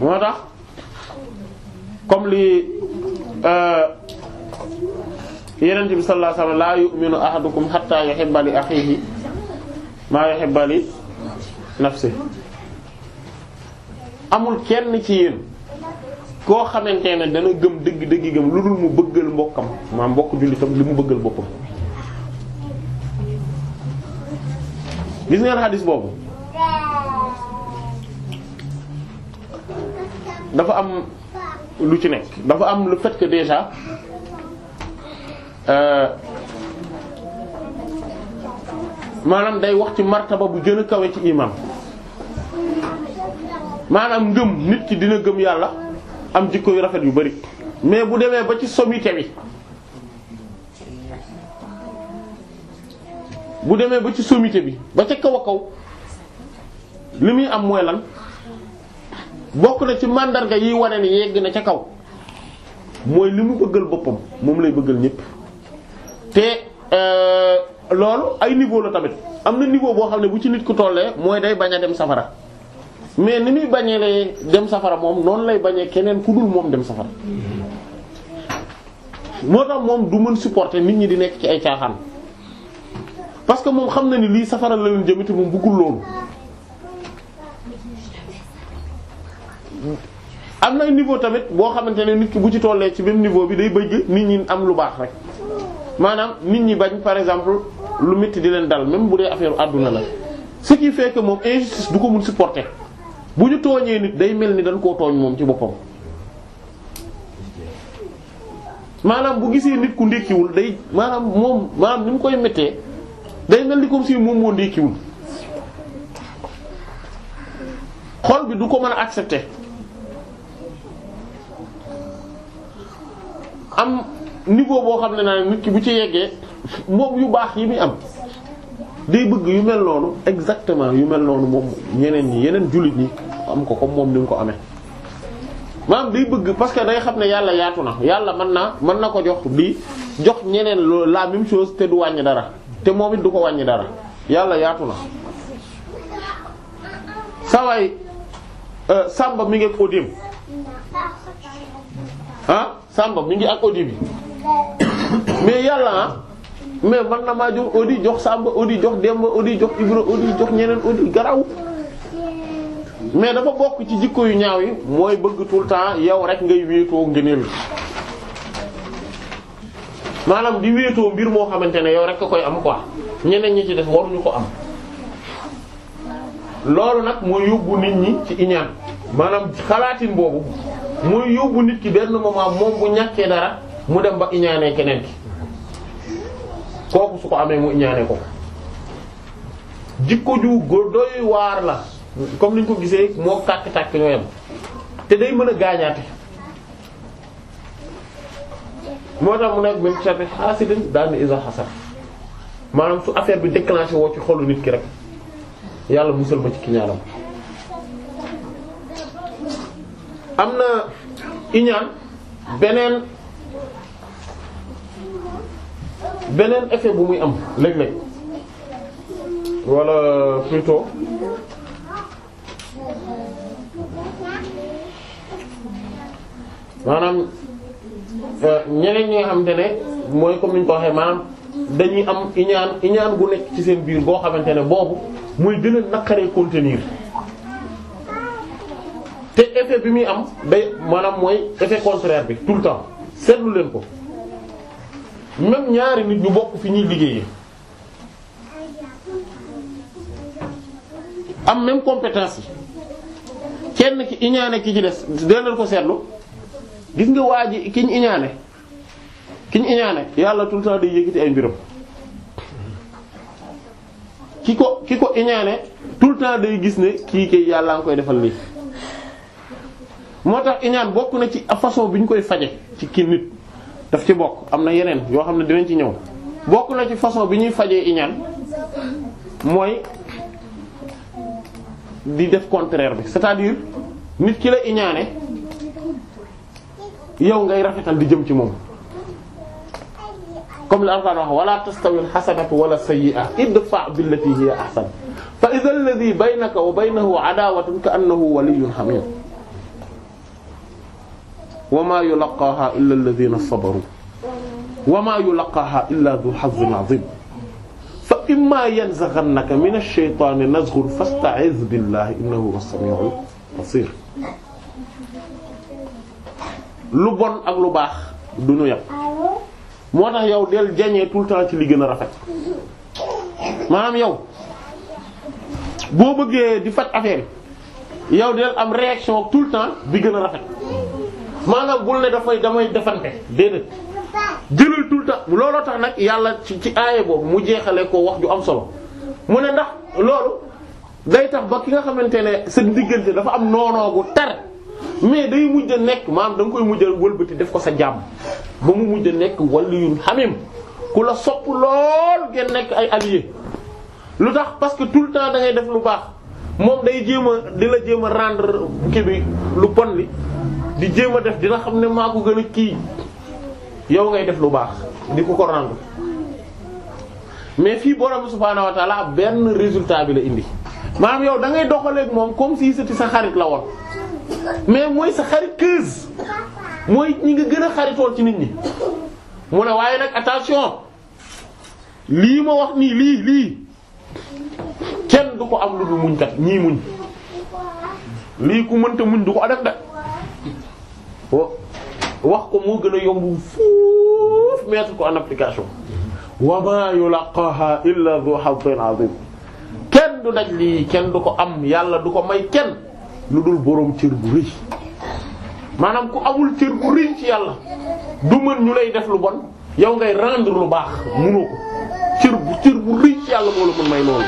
moo tax comme li Euh, Yonent bi sallallahu alayhi wa sallam laa ahadukum hatta yuhibba li akhihi maa yuhibba li nafsihi amul kenn ci yéen koo xamante ne dana gëm dëgg dëgg gëm lu dul mu bëggal mbokkam maa mbokk jullitam li mu bëggal boppam gis ngeen xadis boobu dafa am lu ci nekk dafa am lu fait que déjà euh, maanaam day wax ci martaba bu gën a kawee ci iman maanaam ngëm nit ki dina gëm yàlla am jikko yu rafet yu bari mais bu demee ba ci sommité bi bu demee ba ci sommité bi ba ca kaw a kaw li muy am mooy lan bokk na ci màndarga yi wane ni yegg na ca kaw mooy li mu bëggal boppam moom lay bëggal ñépp te euh, loolu ay niveau la tamit am na niveau boo xam ne bu ci nit ku tollee mooy day bañ a dem safara mais ni muy bañee lay dem safara moom noonu lay bañee keneen ku dul moom dem safara moo tax moom du mën supporter nit ñi di nekk ci ay caaxaan parce que moom xam na ni lii safara la leen jëmati moom bëggul loolu am na niveau tamit boo xamante ne nit ki bu ci tollee ci même niveau bi day bëgg nit ñi am lu baax rek maanaam nit ñi bañ par exemple lu metti di leen dal même bu dee affaire àdduna la ce qui fait moom du ko mun supporter bu ñu tooñee nit day mel ni dañ koo tooñ moom ci boppam. maanaam bu gisee nit ku ndékkiwul day maanaam moom maanaam ni mu koy méttee day mel ni comme si moom moo ndékkiwul xool bi du ko mën a accepter. am niveau boo xam ne naa nit ki bu ci yeggee moom yu baax yi muy am day bëgg yu mel noonu exactement yu mel noonu moom ñeneen ñi yeneen jullit ñi am ko comme moom ni mu ko amee maanaam day bëgg parce que day xam ne yàlla yaatu na yàlla mën naa mën na ko jox di jox ñeneen loolu la même chose te du wàññi dara te moom it du ko wàññi dara yàlla yaatu na sawaay euh, sàmba mi ngeeg audiem ah Samba mi ngi ak Audi bi mais yàlla ah mais man na maa jox Audi jox Samba Audi jox Demba Audi jox Ibra Audi jox ñeneen Audi garaw mais dafa bokk ci jikko yu ñaaw yi mooy bëgg tout le temps yow rek ngay wéetoo ngëneel maanaam di wéetoo mbir moo xamante ne yow rek a koy am quoi ñeneen ñi ci def ñu ko am loolu nag mooy yóbbu nit ñi ci iñaan maanaam xalaatin boobu muy yóbbu nit ki benn moment moom bu ñàkkee dara mu dem ba iñaanee keneen ki kooku su ko amee mu iñaanee ko jikko ju doy waar la comme niñ ko gisee moo tàkk tàkk ñoo yem te day mën a gaañaate moo tax mu nekk min sharri hasidin daal ni iza hasad maanaam su affaire bi déclenché woo ci xolu nit ki rek yàlla musal ma ci kiñaanam am na iñaan beneen beneen effet bu muy am léeg-léeg wala plutôt maanaam euh, ñeneen ñi nga xamante ne mooy comme ni ñu ko waxee maanaam dañuy am iñaan iñaan gu nekk ci seen biir boo xamante ne boobu muy gën a naqaree contenir te effet bi muy am day maanaam mooy effet contraire bi tout le temps seetlu leen ko même ñaari nit ñu bokk fi ñuy liggéeyee am même compétence yi kenn ki iñaane ki ci des dee leen ko seetlu gis nga waa ji ki ñu iñaane ki ñu iñaane yàlla tout le temps day yëkkati ay mbiram ki ko ki ko iñaane tout le temps day gis ne kii kay yàlla nga koy defal lii moo tax iñaan bokk na ci façon bi ñu koy faje ci kii nit daf ci bokk am na yeneen yoo xam ne dinañ ci ñëw bokk na ci façon bi ñuy fajee iñaan mooy di def contraire bi c'est-à-dire nit ki la iñaane yow ngay rafetal di jëm ci moom comme li Alxuraan wax wala tastawi alxasanatu wala sayyi'a idfa billati hiya ahsan fa idha alladhi baynaka wa baynahu adawatun ka annahu waliyyun hamim wa maa yulaqqaahaa illa alladhiina sabaru wa maa yulaqqaahaa illa dhu hazzin 'azim fa immaa yanzaghannaka mina ash-shaytaani nazghun fasta'iz billaahi innahu huwa as-samii'ul basiir lu bon ak lu baax du ñu yem moo tax yow del jañee tout le temps ci li gën a rafet maanaam yow boo bëggee di faj affaire yow del am réaction tout le temps bi gën a rafet. maanaam bul ne dafay damay defante déedéet jëlal tout le temps looloo tax nag yàlla ci ci aaye boobu mu jeexale ko wax ju am solo mu ne ndax loolu day tax ba ki nga xamante ne sa diggante dafa am noonoo gu tar mais day mujj a nekk maanaam da nga koy mujj a wëlbati def ko sa jàmm ba mu mujj a nekk waliyun xamim ku la sopp lool ngeen nekk ay allié lu tax parce que tout le temps da ngay def lu baax moom day jéem a di la jéem a rendre kii bi lu bon li di jéem a def dina xam ne maa ko gën a kii yow ngay def lu baax di ko ko ràndu mais fii borom subhaanahu wa taala benn résultat bi la indi maam yow da ngay doxaleeg moom comme si sati sa xarit la woon mais mooy sa xarit keuse mooy ñi nga gën a xaritool ci nit ñi mu ne waaye nag attention lii ma wax nii lii lii kenn du ko am lu dul muñ kat ñii muñ lii ku mënta muñ du ko adef de wax ko moo gën a yomb foof mettre ko en application wa ma yulaqaha illa dhu hazzin azim kenn du daj lii kenn du ko am yàlla du ko may kenn lu dul boroom cër bu rëy maanaam ku amul cër bu rëy ci yàlla du mën ñu lay def lu bon yow ngay rendre lu baax mënoo ko cër bu cër bu rëy ci yàlla moo la mën may noonu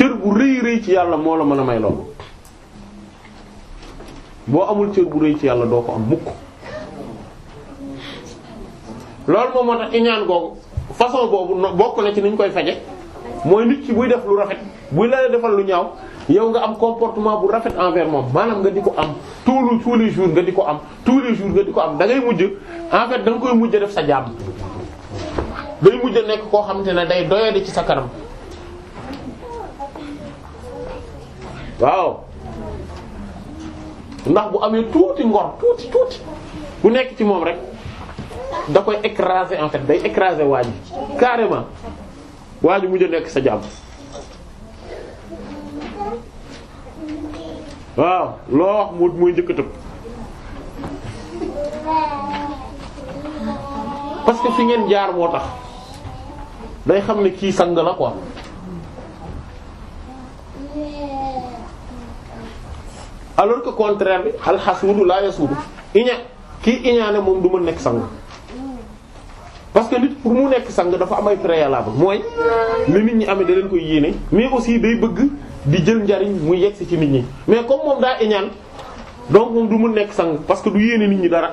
cër bu rëy rëy ci yàlla moo la mën a may loolu boo amul cër bu rëy ci yàlla doo ko am mukk loolu moom moo tax iñaan googu façon boobu bokk na ci ni ñu koy faje mooy nit ci buy def lu rafet buy la defal lu ñaaw yow nga am comportement bu rafet envers moom maanaam nga di ko am tous tous les jours nga di ko am tous les jours nga di ko am da ngay mujj en fait koy mujj a def sa jàmm day mujj nekk koo xamante ne day doyadi ci sa kanam waaw ndax bu amee tuuti ngor tuuti tuuti bu nekk ci moom rek da koy écraser en fait day écraser waa ji carrément waa ji mujj a nekk sa jàmm waaw loo wax mu muy tëb parce que fi ngeen jaar moo tax day xam ne kii sang la quoi. alors que contraire bi alxasuudu laa yasuudu iña kii iñaane moom du ma nekk sang parce que nit pour mu nekk sang dafa am ay préalable mooy li nit ñi amee daleen koy yéene mais aussi day bëgg di jël njariñ muy yegsi ci nit ñi mais comme moom daa iñaan donc moom du mu nekk sangu parce que du yéene nit ñi dara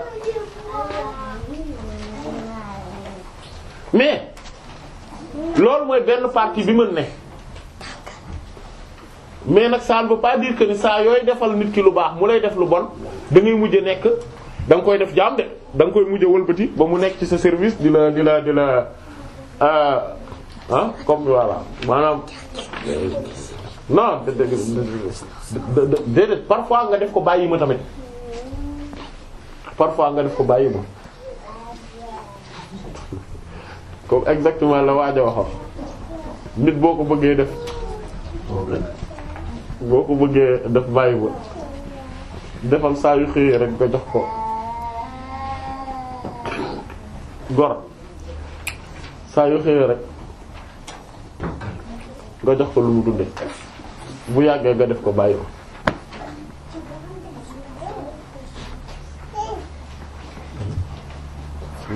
mais loolu mooy benn partie bi mën ne mais nag ça ne paa pas dire que ni saa yooyu defal nit ki lu baax mu lay def lu bon da ngay mujj nekk da nga koy def jaam de da nga koy mujj wëlbati ba mu nekk ci sa service di la di la di la euh, maanaam non déedéet parfois nga def ko bàyyi ma tamit parfois nga def ko bàyyi ma comme exactement la waaja waxoon nit boo ko bëggee def boo ko bëggee def bàyyi ba defal saa yu xëyee rek nga jox ko gor saa yu xëyee rek nga jox ko lu mu dunde bu yàggee nga def ko bàyyi ko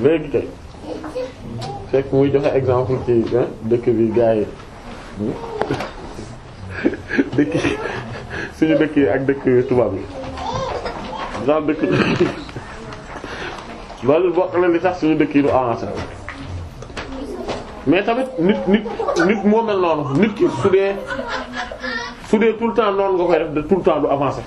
léegi kay fekk muy joxe exemple ci dëkk bi gaa dëkk suñu dëkk yi ak dëkk tubaab yi genre dëkk loolu bokk na li tax suñu dëkk yi du avancé mais tamit nit nit nit moo mel noonu nit ki su dee su dee tout le temps noonu nga koy def de tout le temps du avancé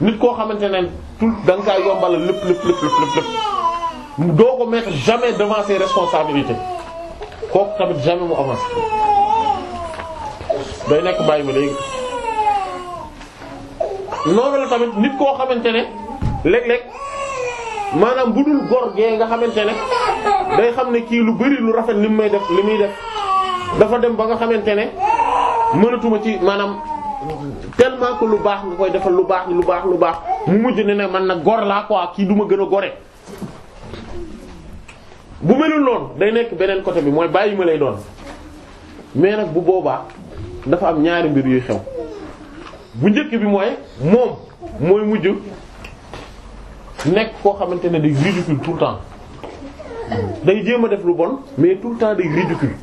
nit koo xamante ne tout da nga koy yombal lépp lépp lépp lépp lépp doo ko mettre jamais devant ses responsabilités kooku tamit jamais mu avancé. day nekk bàyyi ba léegi. noonu la tamit nit koo xamante ne léeg-léeg maanaam bu dul góor gee nga xamante ne day xam ne kii lu bari lu rafet li may def li muy def dafa dem ba nga xamante ne mënatuma ci maanaam tellement que lu baax nga koy defal lu baax lu baax lu baax mu mujj ne ne man nag góor laa ak kii du ma gën a gore bu melul noonu day nekk beneen côté bi mooy bàyyi ma lay doon mais nag bu boobaa. dafa am ñaari mbir yuy xew bu njëkk bi mooy moom mooy mujj nekk koo xamante ne day ridicule tout le temps day jéem a def lu bon mais tout le temps day ridicule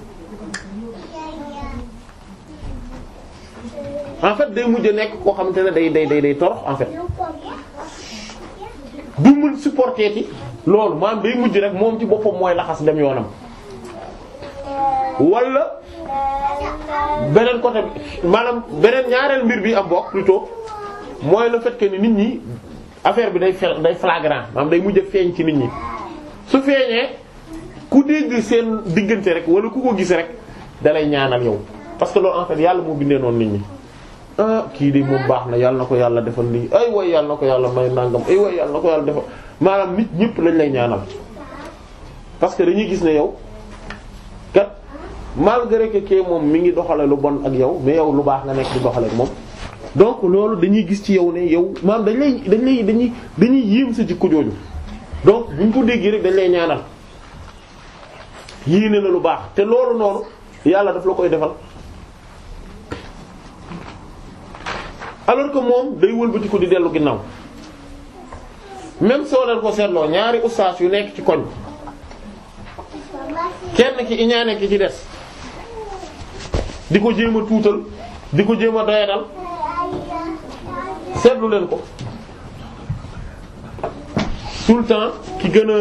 en fait day mujj nekk koo xamante ne day day day day torox en fait du mën supporter loolu maanaam day mujj rek moom ci boppam mooy laxas dem yoonam wala beneen côté bi maanaam beneen ñaareel mbir bi am bokk plutôt mooy le fait que ni nit ñi affaire bi day day flagrant maanaam day mujj feeñ ci nit ñi su feeñee ku dégg seen diggante rek wala ku ko gis rek dalay ñaanal yow parce que loolu en fait yàlla moo bindee noonu nit ñi ah kii de moom baax na yàlla na ko yàlla defal lii ay way yàlla na ko yàlla may nangam ay way yàlla na ko yàlla defal maanaam nit ñëpp lañ lay ñaanal parce que dañuy gis ne yow malgré que kee moom mi ngi doxale lu bon ak yow mais yow lu baax nga nekk di doxale moom donc loolu dañuy gis ci yow ne yow maanaam dañ lay dañ lay dañuy dañuy yéem sa jikko jooju donc buñ ko déggee rek dañ lay ñaanal yéene na lu baax te loolu noonu yàlla daf la koy defal alors que moom day wëlbati ko di dellu ginnaaw même soo leen ko seetloo ñaari ustaas yu nekk ci koñ kenn ki iñaane ki ci des di ko jéem a tuutal di ko jéem a doyadal seetlu leen ko tout le temps ki gën a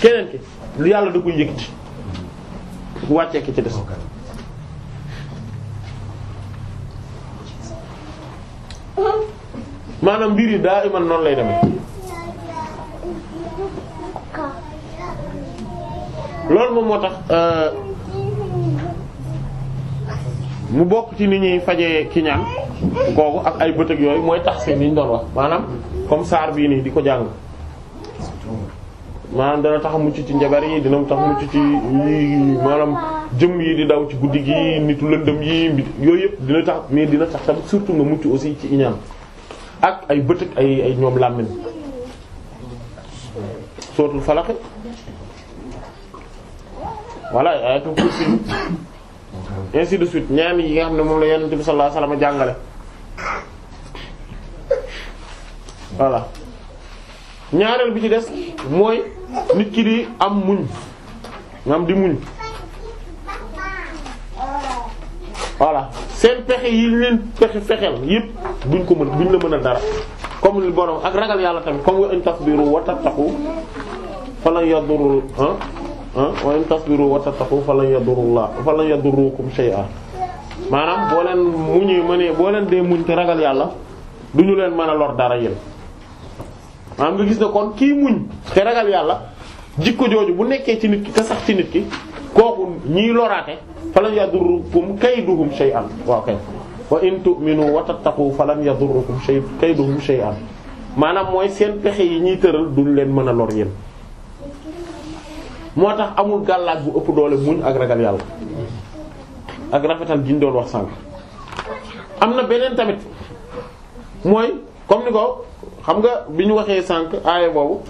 keneen ki lu yàlla da koy yëkkati wàccee ki ci des. maanaam mbir yi daa iman noonu lay demee loolu moom moo tax. Euh, mu bokk ci ni ñuy faje kiñaan googu ak ay bët yooyu mooy tax seen liñ doon wax maanaam comme saar bii nii di ko jàng maanaam dana tax mucc ci njabar yi dina tax mucc ci maanaam jëm yi di daw ci guddi gi nitu lëndëm yi yooyu yëpp dina tax mais dina tax tamit surtout nga mucc aussi ci iñaan ak ay bët ak ay ay ñoom làmmiñ sootul falaq walla ay ay ainsi de suite ñaan yi nga xam ne moom la yonent bi sallallahu alayhi wasallam jàngale voilà ñaareel bi ci des mooy nit ki di am muñ ngam di muñ voilà seen pexe yi ñu leen pexe fexeel yépp duñ ko mën duñ la mën a dara comme li borom ak ragal yàlla tamit comme wa in tasbiru wa tattaqu falan yadurru wa in tasbiru wa tattaqu falan yadurullah falan yadurukum shay'a maanaam boo mu muñee ma ne boo leen dee muñ te ragal yàlla du ñu leen mën a lor dara yéen maanaam nga gis ne kon kii muñ te ragal yàlla jikko jooju bu nekkee ci nit ki te kooku ñiy loraate falan yadurukum kayduhum shay'an waaw kay wa in tu'minu wa tattaqu falan yadurukum shay'an kayduhum shay'an maanaam mooy seen pexe yi ñuy tëral duñ leen mën a lor yéen moo tax amul gàllaaj bu ëpp doole muñ ak ragal yàlla ak rafetal gi doon wax sànq. am na beneen tamit mooy comme ni ko xam nga bi ñu waxee sànq aaya boobu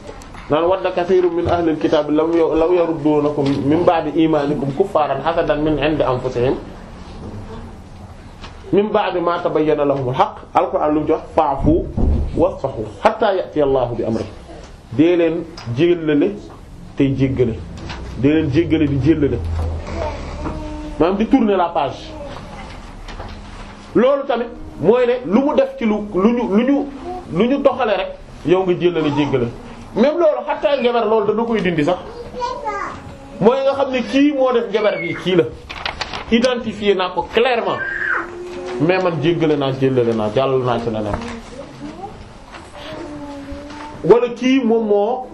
naan wadda kasiirun min ahlil kitaab law law yarudduunakum min ba'di iimaanikum kuffaaran hasadan min 'indi anfusihim min ba'di maa tabayyana lahumul haqq alquran lu mu jox fa'fu wasfahu hatta ya'tiya Allahu bi amrihi dee leen jéllale tey jéggale di leen jéggale di jéllale maanaam di tourner la page loolu tamit mooy ne lu mu def ci lu lu ñu lu ñu lu ñu toxale rek yow nga jéllale jéggale même loolu xattaa ngeber loolu dana koy dindi sax mooy nga xam ne kii moo def ngeber bi kii la identifier naa ko clairement mais man jéggale naa jéllale naa jàll naa ci leneen wala kii moom moo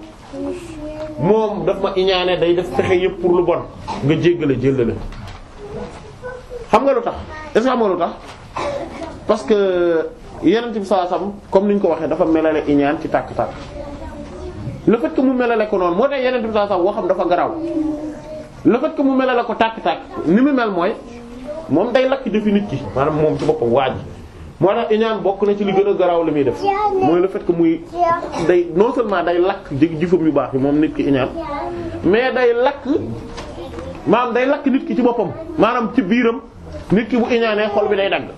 moom daf ma iñaane day def pexe yëpp pour lu bon nga jéggale jéllale xam nga lu tax est-ce que xam nga lu tax parce que yenent bi saa sam comme ni ñu ko waxee dafa melale iñaan ci tàkk-tàkk le fait que mu melale ko noonu moo tax yenent bi saa sam waxam dafa garaw le fait que mu melale ko tàkk-tàkk ni mu mel mooy moom day lakk jëfi nit ki maanaam moom ci boppam waa moo tax iñaan bokk na ci li gën a garaaw li muy def mooy la fait que muy day non seulement day lakk jëfam yu baax yi moom nit ki iñaan mais day lakk maanaam day lakk nit ki ci boppam maanaam ci biiram nit ki bu iñaanee xol bi day dagg.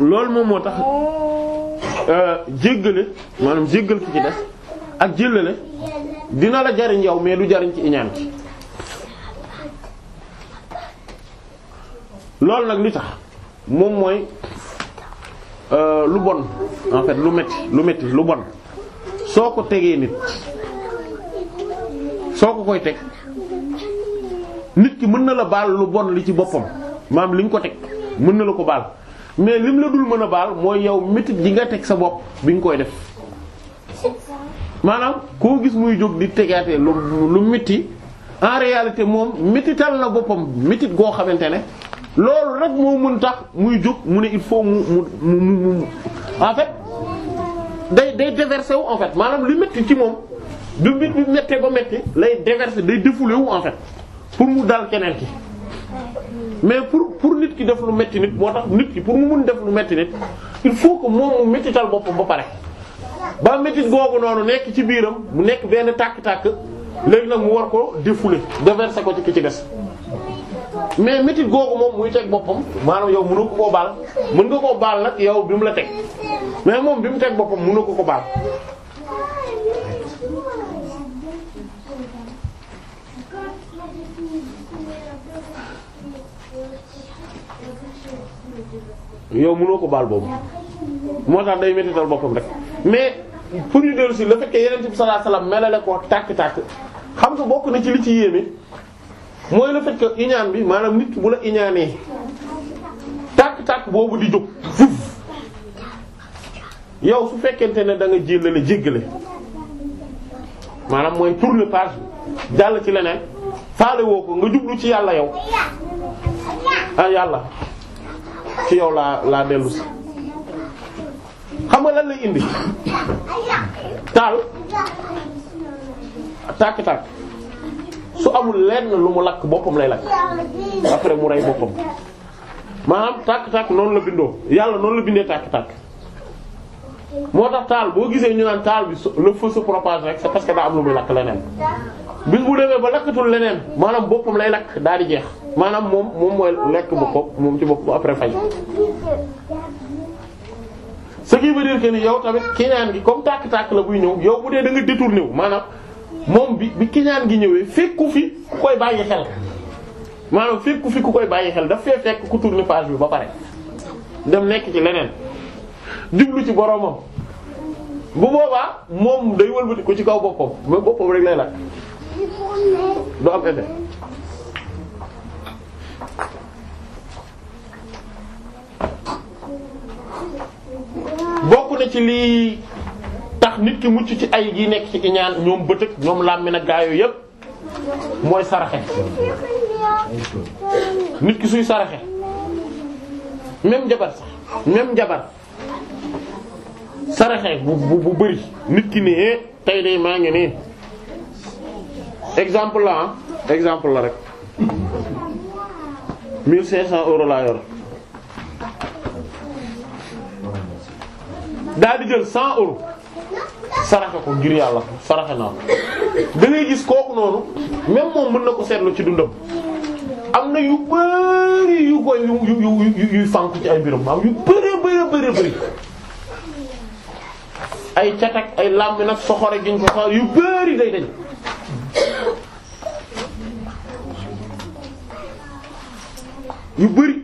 loolu moom moo tax euh, jéggale maanaam jéggal ki ci des ak jéllale dina la jariñ yow mais du jariñ ci iñaan ki loolu nag li tax moom mooy euh, lu bon en lu metti lu metti lu bon soo ko tegee nit soo ko koy teg nit ki mën na la baal lu bon li ci boppam maam li nga ko teg mën na la ko baal mais lim la dul mën a baal mooy yow metti ji nga teg sa bopp bi nga koy def maanaam koo gis muy jóg di tegaatee lu lu metti en réalité moom mettital na boppam mettit goo xamante ne loolu rek moo mun tax muy jóg mu ne il faut mu mu mu mu en fait day day déverser wu en fait maanaam lu métti ci moom du mbir bi méttee ba métti lay déverser day défouler wu en pour mu dal keneen ki mais pour pour nit ki def lu métti nit moo tax nit ki pour mu mun def lu métti nit il faut ko moom mu méttital boppam ba pare. ba métti googu noonu nekk ci biiram mu nekk benn tàkk-tàkk léegi nag mu war ko défouler déverser ko ci ki ci des. mais métit googu moom muy teg boppam maanaam yow mënoo ko koo baal mën nga koo baal nag yow bi mu la teg mais moom bi mu teg boppam mënoo ko ko baal. yow mënoo ko baal boobu moo tax day métital boppam rek mais pour ñu dellu si le fait que yeneen bi sallallahu alayhi wasallam melale tàkk-tàkk xam nga bokk na ci li ci yéeme. mooy le fait iñaan bi maanaam nit bu la iñaanee tàkk-tàkk boobu di jóg fuuf yow su fekkente ne da nga jéllale jéggale maanaam mooy tourner page jàll ci leneen faale woo ko nga jublu ci yàlla yow ah yàlla ci yow laa laa dellu si xam nga lan lay indi taal tàkk-tàkk su amul lenn lu mu lakk boppam lay lakk après mu rey boppam maanaam tàkk-tàkk noonu la bindoo yàlla noonu la bindee tàkk-tàkk moo tax taal boo gisee ñu naan taal bi su feu se propage rek c'est parce que daa am lu muy lakk leneen bis bu demee ba lakkatul leneen maanaam boppam lay lakk daal di jeex maanaam moom moom mooy lekk boppam moom ci boppam après fay. ce qui veut dire que ni yow tamit kiñaan gi comme tàkk-tàkk la buy ñëw yow bu dee da nga détourné wu maanaam moom bi bi kiñaan gi ñëwee fekku fi ku koy bàyyi xel maanaam fekku fi ku koy bàyyi xel daf fee fekk ku tourner page bi ba pare dem nekk ci leneen jublu ci boromam bu boobaa moom day wëlbati ko ci kaw boppam mais boppam rek lay lakk du am bokk na ci lii tax nit ki mucc ci ay gi nekk ci iñaan ñoom bëtëk ñoom làmmi na gaayoo yépp mooy saraxe nit ki suy saraxe même jabar sax jabar saraxe bu bu bëri nit ki ne eh, tey de maa ngi nii exemple la ah exemple la rek cent euro laa yor daa di jël 100 euros. saraxe ko ngir yàlla saraxe naa ko da gis kooku noonu même moom mën na ko seetlu ci dundam am na yu bëri yu koy yu yu yu yuy fànk ci ay mbiram yu ay catak ay làmb nag yu bëri day dañ yu bëri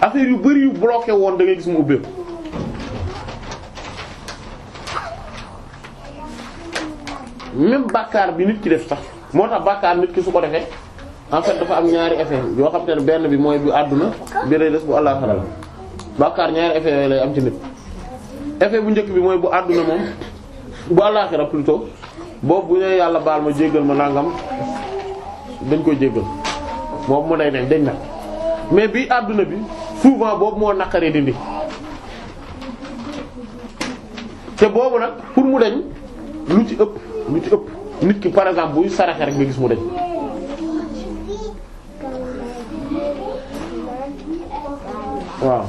affaire yu bëri yu bloqué woon da ngay gis mu ubbeeku même bàkkaar bi nit ki def sax moo tax bàkkaar nit ki su ko defee en fait dafa am ñaari effet yoo xam te ne benn bi mooy bu àdduna bi lay des bu àllaaxira bàkkaar ñaari effet yooyu lay am ci nit effet bu njëkk bi mooy bu àdduna moom bu àllaaxira plutôt boobu bu ne yàlla baal ma jéggal ma nàngam dañ koy jéggal moom mu day dañ dañ na mais bi àdduna bi souvent boobu moo naqaree dindi te boobu nag pour mu dañ lu ci ëpp lu ci ëpp nit ki par exemple buy saraxe rek nga gis mu deñ waaw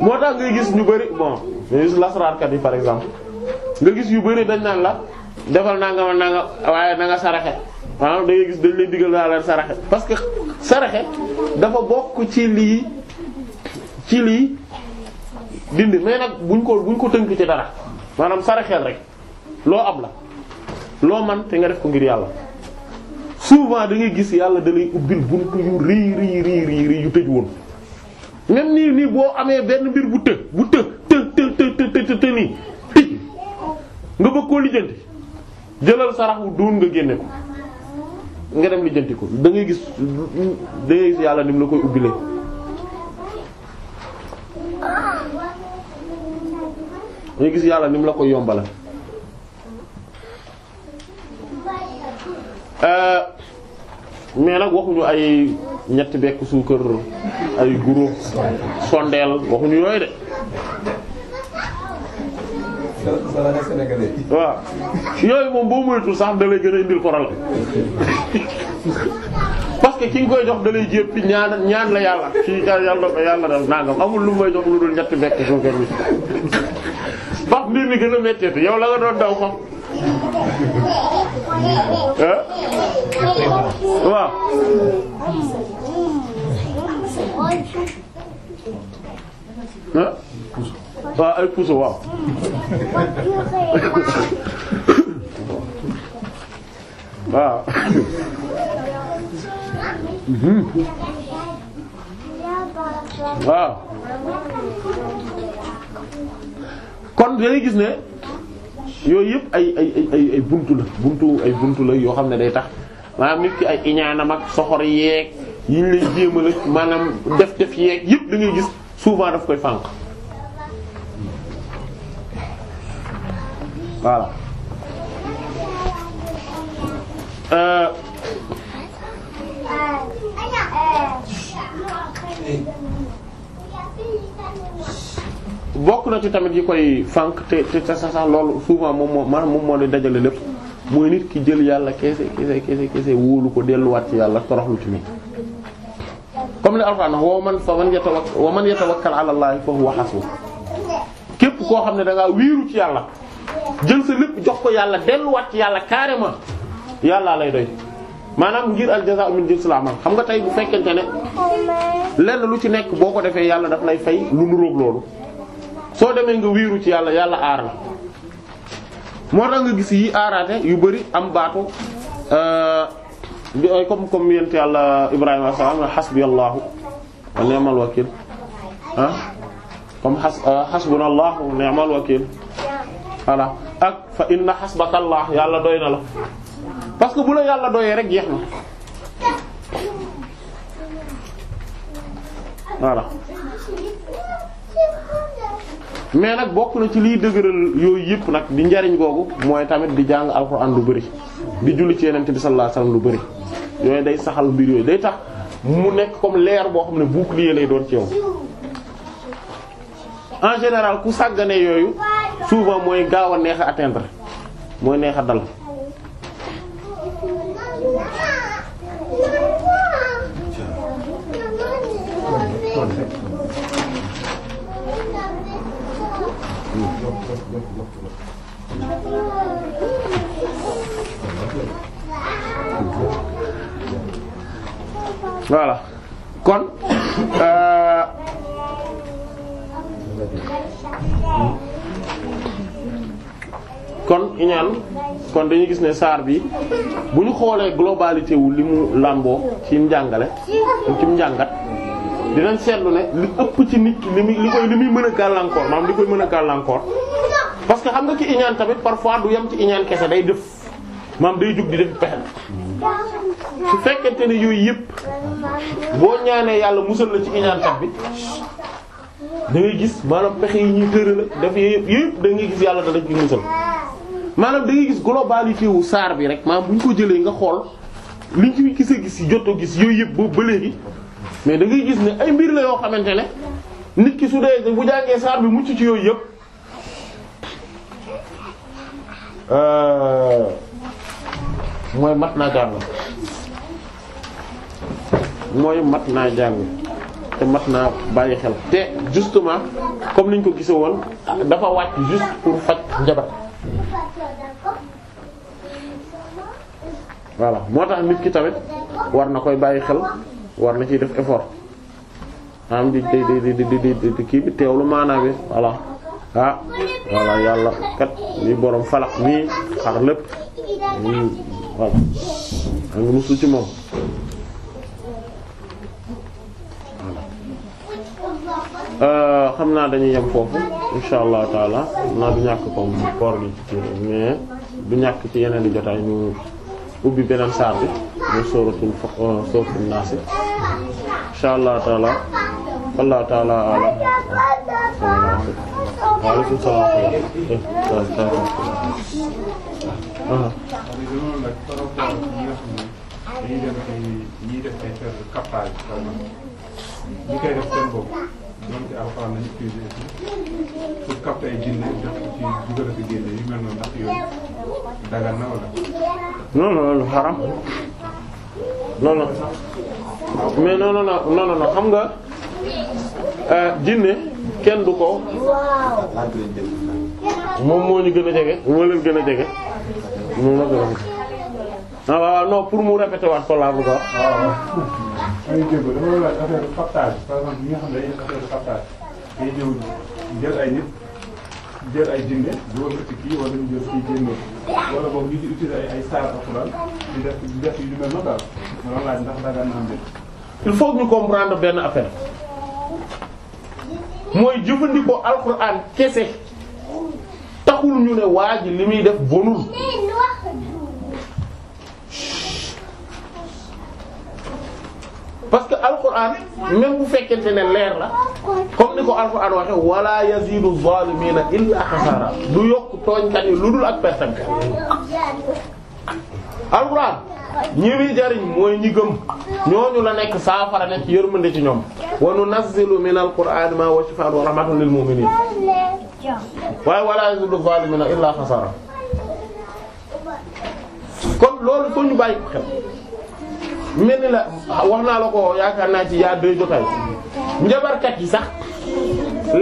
moo tax ngay gis ñu bari bon nga gis lasaraarkat yi par exemple nga gis yu bari dañ naan la defal naa nga naa waaye na nga saraxe maanaam da gis dañ lay digal naa la saraxe parce que saraxe dafa bokk ci lii ci lii dindi mais nag buñ ko buñ ko tënk ci dara maanaam saraxeel rek loo am la loo man te nga def ko ngir yàlla souvent dangay gis yàlla da lay ubbil buntu yu rëy rëy rëy yu tëj woon même nii nii boo amee benn mbir bu të bu të të të të të të të nii tëj nga bëgg koo lijjanti jëlal sarax wu duun nga génne ko nga dem lijjanti ko dangay ngay gis da gis yàlla ni mu la koy ubbile ngay gis yàlla ni mu la koy yombala Euh, mais nag waxuñu ay ñetti bekk suukar ay guro sondeel waxuñu yooyu de. waaw si yooyu moom boo moytu sax da lay gën a indil problème parce que ki nga koy jox dalay lay ñaan ñaan la yàlla ci yàlla yàlla def nangam amul lu may jox lu dul ñetti bekk suukar bi. bax mbir mi gën a méttee yow la nga doon daw xam. waaw waaw ay puso waaw waaw waaw kon dañuy gis ne yooyu yëpp ay ay ay ay buntu la buntu ay buntu la yoo xam ne day tax maanaam nit ki ay iñaanam ak soxor yeeg yi ñu lay jéem a maanaam def def yeeg yëpp da ngay gis souvent daf koy fànq voilà. Euh, bokk na ci tamit yi koy fànq te te sax sax loolu souvent moom moo maanaam moom moo lay dajale lépp mooy nit ki jël yàlla kese kese kese kese wóolu ko delluwaat ci yàlla toroxlu ci mi comme ne alxuraan wa man fa man yatawakkal wa man yatawakkal ala allah fa huwa hasbu képp koo xam ne da ngaa ci yàlla jël jox ko yàlla delluwaat ci yàlla carrément yàllaa lay doy maanaam ngir al jazaa'u min jinsil amal xam nga tey bu fekkente ne lenn lu ci nekk boo ko defee yàlla daf lay fay lu nu róog loolu soo demee nga wiiru ci yàlla yàlla aar la moo tax nga gis yi aaraate yu bari am baatu bi euh, ay comme comme yent yàlla Ibrahima salaam na hasbiyallahu wa ni'mal wakil comme xas euh, hasbunallahu wa ni'mal wakil voilà ak fa inna hasbakallah yàlla doy na la parce que bu la yàlla doyee rek jeex na voilà mais nag bokk na ci liy dëgëral yooyu yëpp nag di njariñ googu mooy tamit di jàng alxuraan lu bari di julli ci yeneen bi sallallahu alayhi lu bari yooyu day saxal mbir yooyu day tax mu nekk comme leer boo xam ne bouclier lay doon ci yow en général ku sàggane yooyu souvent mooy gaaw a neex a atteindre mooy neex a dal voilà kon euh, kon iñaan kon dañuy gis ne saar bi bu ñu xoolee globalité wu li mu làmboo ci njàngale ci njàngat dinañ seetlu ne li ëpp ci nit ki li muy li koy li muy mën a gàllankoor maanaam li koy mën a gàllankoor parce que xam nga ki iñaan tamit parfois du yem ci iñaan kese day def maanaam day jug di def pexe su fekkente ne yooyu yëpp boo ñaanee yàlla musal la ci iñaankat bi dangay gis maanaam pexe yi ñuy tëral la daf yëpp yëpp da ngay gis yàlla da la ci musal maanaam da ngay gis globalité wu saar bi rek maanaam bu ñu ko jëlee nga xool liñ ci gis a gis yi jot a gis yooyu yëpp boobu ba léegi mais dangay gis ne ay mbir la yoo xamante ne nit ki su dee bu jàngee saar bi mucc ci yooyu yëpp. Euh, mooy mat naa jàng mooy mat naa jàng te mat naa bàyyi xel te justement comme niñ ko gise woon dafa wàcc juste pour faj njabar voilà moo tax nit ki tamit war na koy bàyyi xel war na ciy def effort am di di di di di di kii bi teewlu maanaa bi voilà ah yàlla kat li borom falax nii xar lépp voilà xam nga musul ci moom euh, xam naa dañuy yem foofu insha allah taala naa du ñàkk comme koor gi ci mais du ñàkk ci yeneen di jotaay ñu ubbi beneen saar bi ñu sóoratul fa euh, sóoratul naasi insha allah taala allah taala ala waaleykum salaam ñi koy def seen bopp donc alxuraan lañu utilisé aussi pour capter ay jinne def ko ci dugal ak génne yu mel noonu ndax yooyu dagan na wala. non non loolu xaram non non mais non non non non xam nga euh, jinne kenn du ko moom moo ñu gën a jege moo leen gën a jege. moom la gërëm ah waaw non pour mu répété waat ko laa bëgg a wax. Ah, waaw waaw. dama la laaj affaire partage par exemple ñi nga xam ne dañuy def affaire partage day ñëw jël ay nit jël ay jinne dugal ko ci kii wala ñu jël kii jinne wala boog ñu ci utiliser ay ay saar alxuraan di def di def yu mel noonu daal ma la laaj ndax dagaan na am déet. il faut que ñu comprendre benn affaire mooy jëfandikoo alxuraan kese. taxul ñu ne waa ji li muy def bonul parce que alquran même bu fekkente ne leer la comme ni ko alquran waxe wala yazidu zalimina illa xasara du yokk tooñkat yi lu dul ak pertante alquran ñi muy jariñ mooy ñi ñooñu la nekk saafara nekk yërmande ci ñoom wa nunazzilu minal qur'ani ma huwa shifaa'un wa rahmatun lil mu'minin waaye wa laa yaziidu zaalimiina illaa xasaara kon loolu foo ñu bàyyi ko mel ni la wax naa la ko yaakaar naa ci yaa doy jotaay njabarkat yi sax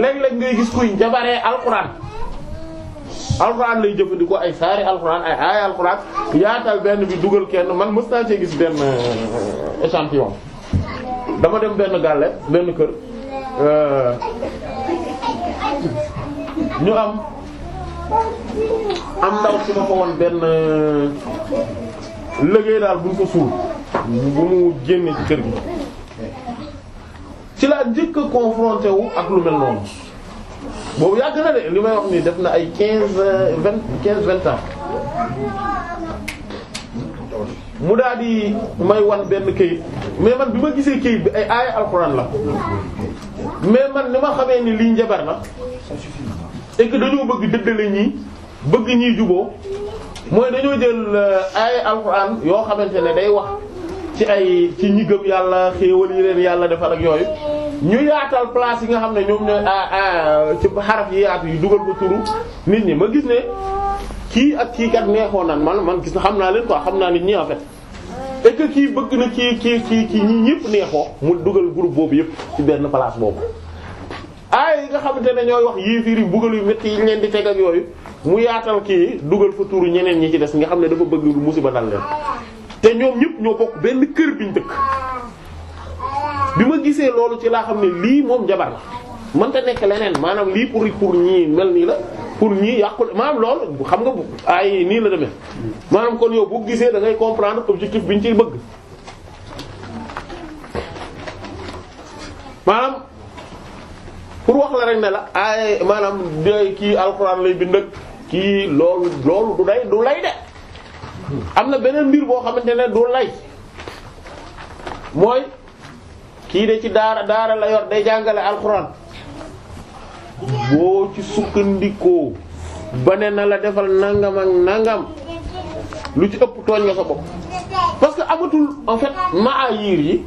léeg-léeg ngay gis kuy njabaree alxuraan alxuraan lay jëfandikoo ay saari alxuraan ay aaya alxuraan yaatal benn bi dugal kenn man mës naa cee gis benn euh, échantillon dama dem benn gàlle benn kër euh, ñu am am ndaw si ma fa woon benn euh, liggéey daal buñ ko suul bu mu génnee ci kër gi ci la njëkk confronté wu ak lu mel noonu boobu yàgg na de li may wax nii def na ay quinze vingt quinze vingt ans mu daal di may wan benn kayit mais man bi ma gisee kayit bi ay aaya alxuraan la mais man ni ma xamee ni lii njabar la et que dañoo bëgg dëddale ñii bëgg ñii juboo mooy dañoo jël euh, aaya alxuraan yoo xamante ne day wax ci ay ci ñi gëm yàlla xéewal yi leen yàlla defal ak yooyu ñu yaatal place yi nga xam ne ñoom ñooy ah, ah, ci xaraf yi yaatu yi dugal ko turu nit ñi ma gis ne kii ak kii kat neexoon naan man man gis na xam naa leen quoi xam naa nit ñi en fait et kii bëgg na kii kii kii kii ñi neexoo mu dugal groupe boobu yëpp ci benn place boobu aay yi nga xamante ne ñooy wax yéefir yi bugal yu métti yi leen di teg ak yooyu mu yaatal kii dugal fa turu ñeneen ñi ci des nga xam ne dafa bëgg lu musiba dal leen te ñoom ñëpp ñoo bokk benn kër biñ dëkk bi ma gisee loolu ci laa xam ne lii moom jabar la mënta nekk leneen maanaam lii pour pour ñii mel nii la pour ñii yàqu maanaam loolu xam nga bu ay nii la demee maanaam kon yow bu gisee dangay ngay comprendre objectif bi ñu ciy bëgg maanaam pour wax la rek ne la ay maanaam day kii alxuraan lay bind ak kii loolu loolu du day du lay de am na beneen mbir boo xamante ne du lay mooy. kii de ci daara daara la yor jàngale alxuraan boo ci sukkandikoo ba ne na la defal nangam ak nangam lu ci ëpp tooñ nga sa parce que amatul en fait maayir yi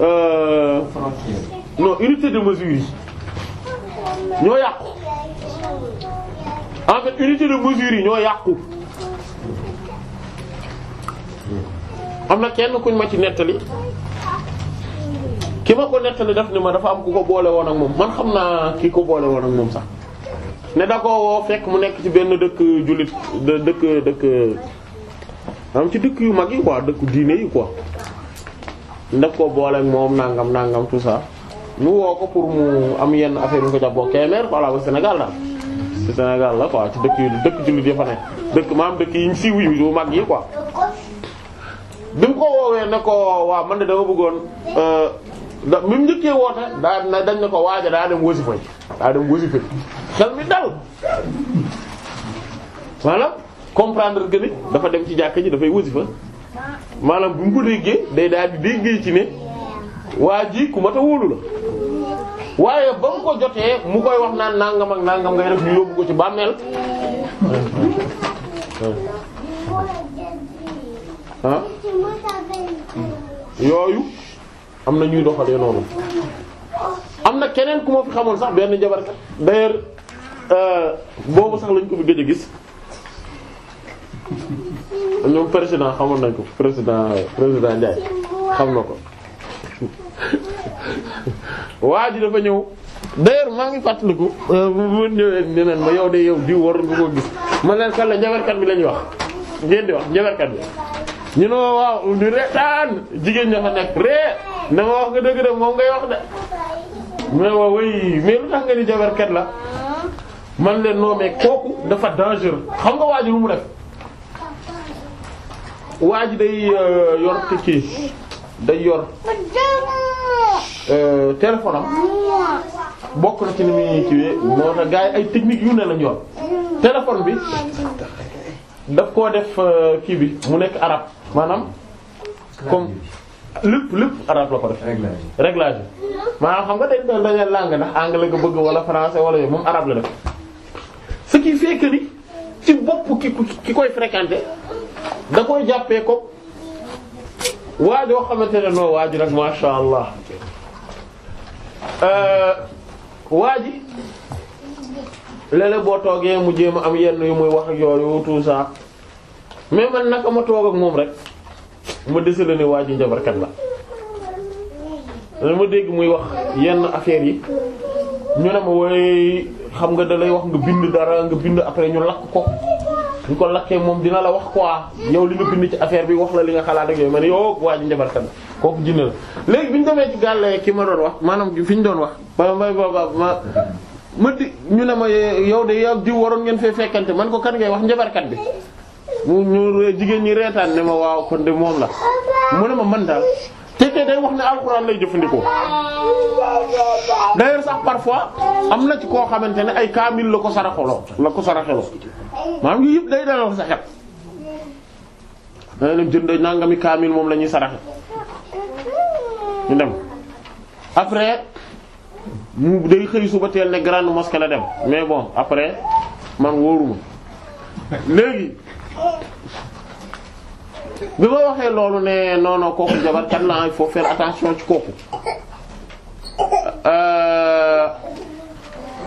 euh yi ñoo yàqu en fait unité de mesure ñoo yàqu am na kenn kuñ ma ci nettali ki ma ko nettali def ni ma dafa am ku ko boole woon ak moom man xam naa ki ko boole woon ak moom sax ne da ko woo fekk mu nekk ci benn dëkk jullit dëkk dëkk am ci dëkk yu mag yi quoi dëkk diine ko boole ak moom nangam nangam tout ko pour mu am yenn affaire yu ko jàppoo Kemer voilà ba Sénégal daal ci jullit yi dëkk maam dëkk yi siiw yu mag yi quoi bi mu ko woowee ne ko waaw man de dama bëggoon euh, ndax bi mu njëkkee woote daa na dañ na ko waaja daa dem wasifa yi daa dem wasifa yi xel mi dal maanaam comprendre que dafa dem ci jàkka ji dafay wasifa maanaam bu mu ko déggee day daal di déggee ci ne waa ji ku mat a wóolu la waaye ba mu ko jotee mu koy wax naan nangam ak nangam ngay ci bàmmeel ah? yooyu am na ñuy doxalee noonu am na keneen ku ma fi xamoon sax benn jabarkat d'ailleurs euh, boobu sax lañ ko fi gëj a gis ñoom président xamoon nañ ko président président Ndiaye xam na ko waa di dafa ñëw d'ailleurs maa ngi fàttaliku euh, bu ñëwee ne ma yow de yow diw waroon nga koo gis ma leen kan la jabarkat bi lañuy wax ngeen di wax jabarkat bi ñu waaw ñu reetaan jigéen ña fa nekk ree na ma nga dëgg de moom ngay wax de mais waaw way mais lu tax nga ni jabarkat la man leen non mais kooku dafa dangereux xam nga waa ji lu mu def waa ji day euh, yor kii day yor euh, téléphone am bokk na ci ni muy kiiwee moo tax gars yi ay technique yu ne lañ yor téléphone bi daf koo def euh, kii bi mu nekk arabe maanaam comme lépp lépp arabe la ko def. réglage réglage maanaam xam nga dañ doon dañu langue ndax anglais nga bëgg wala français wala yooyu moom arabe la def ce qui fait que ci bopp ki ki koy fréquenter da koy jàppee ko waajoo xamante ne noo waaju rek masha Allah euh, waaji léeg-léeg boo toogee mu jéem am yenn yu muy wax ak yooyu tout ça. mais man naka ma toog ak moom rek ma dese la ne waa ji njabarkat la dama dégg muy wax yenn affaires yi ñu ne ma woy xam nga da lay wax nga bind dara nga bind après ñu lakk ko ñu ko lakkee moom dina la wax ko yow li nga bind ci affaire bi wax la li nga xalaat ak yooyu ma ne waa ji njabarkat la kooku jinne la. léegi bi ñu demee ci gàllee kii ma doon wax maanaam fi ñu doon wax ba ma ma ma di ñu ne ma yow de yow di waroon ngeen fee fekkante man ko kan ngay wax njabarkat bi. mu ñu jigéen ñi reetaan ne ma waaw kon de moom la mu ne ma man daal te te day wax ne alxuraan lay jëfandikoo d'ailleurs sax parfois am na ci koo xamante ne ay kaamil la ko saraxoloo la ko saraxeloo maanaam ngi day dalal sa xel dana dem jënd kaamil moom lañuy ñuy saraxe ñu dem après mu day xëy suba teel ne grande mosquée la dem mais bon après man wóoruma léegi bi ma waxee loolu ne non non kooku jabar kan la il faut attention ci kooku euh,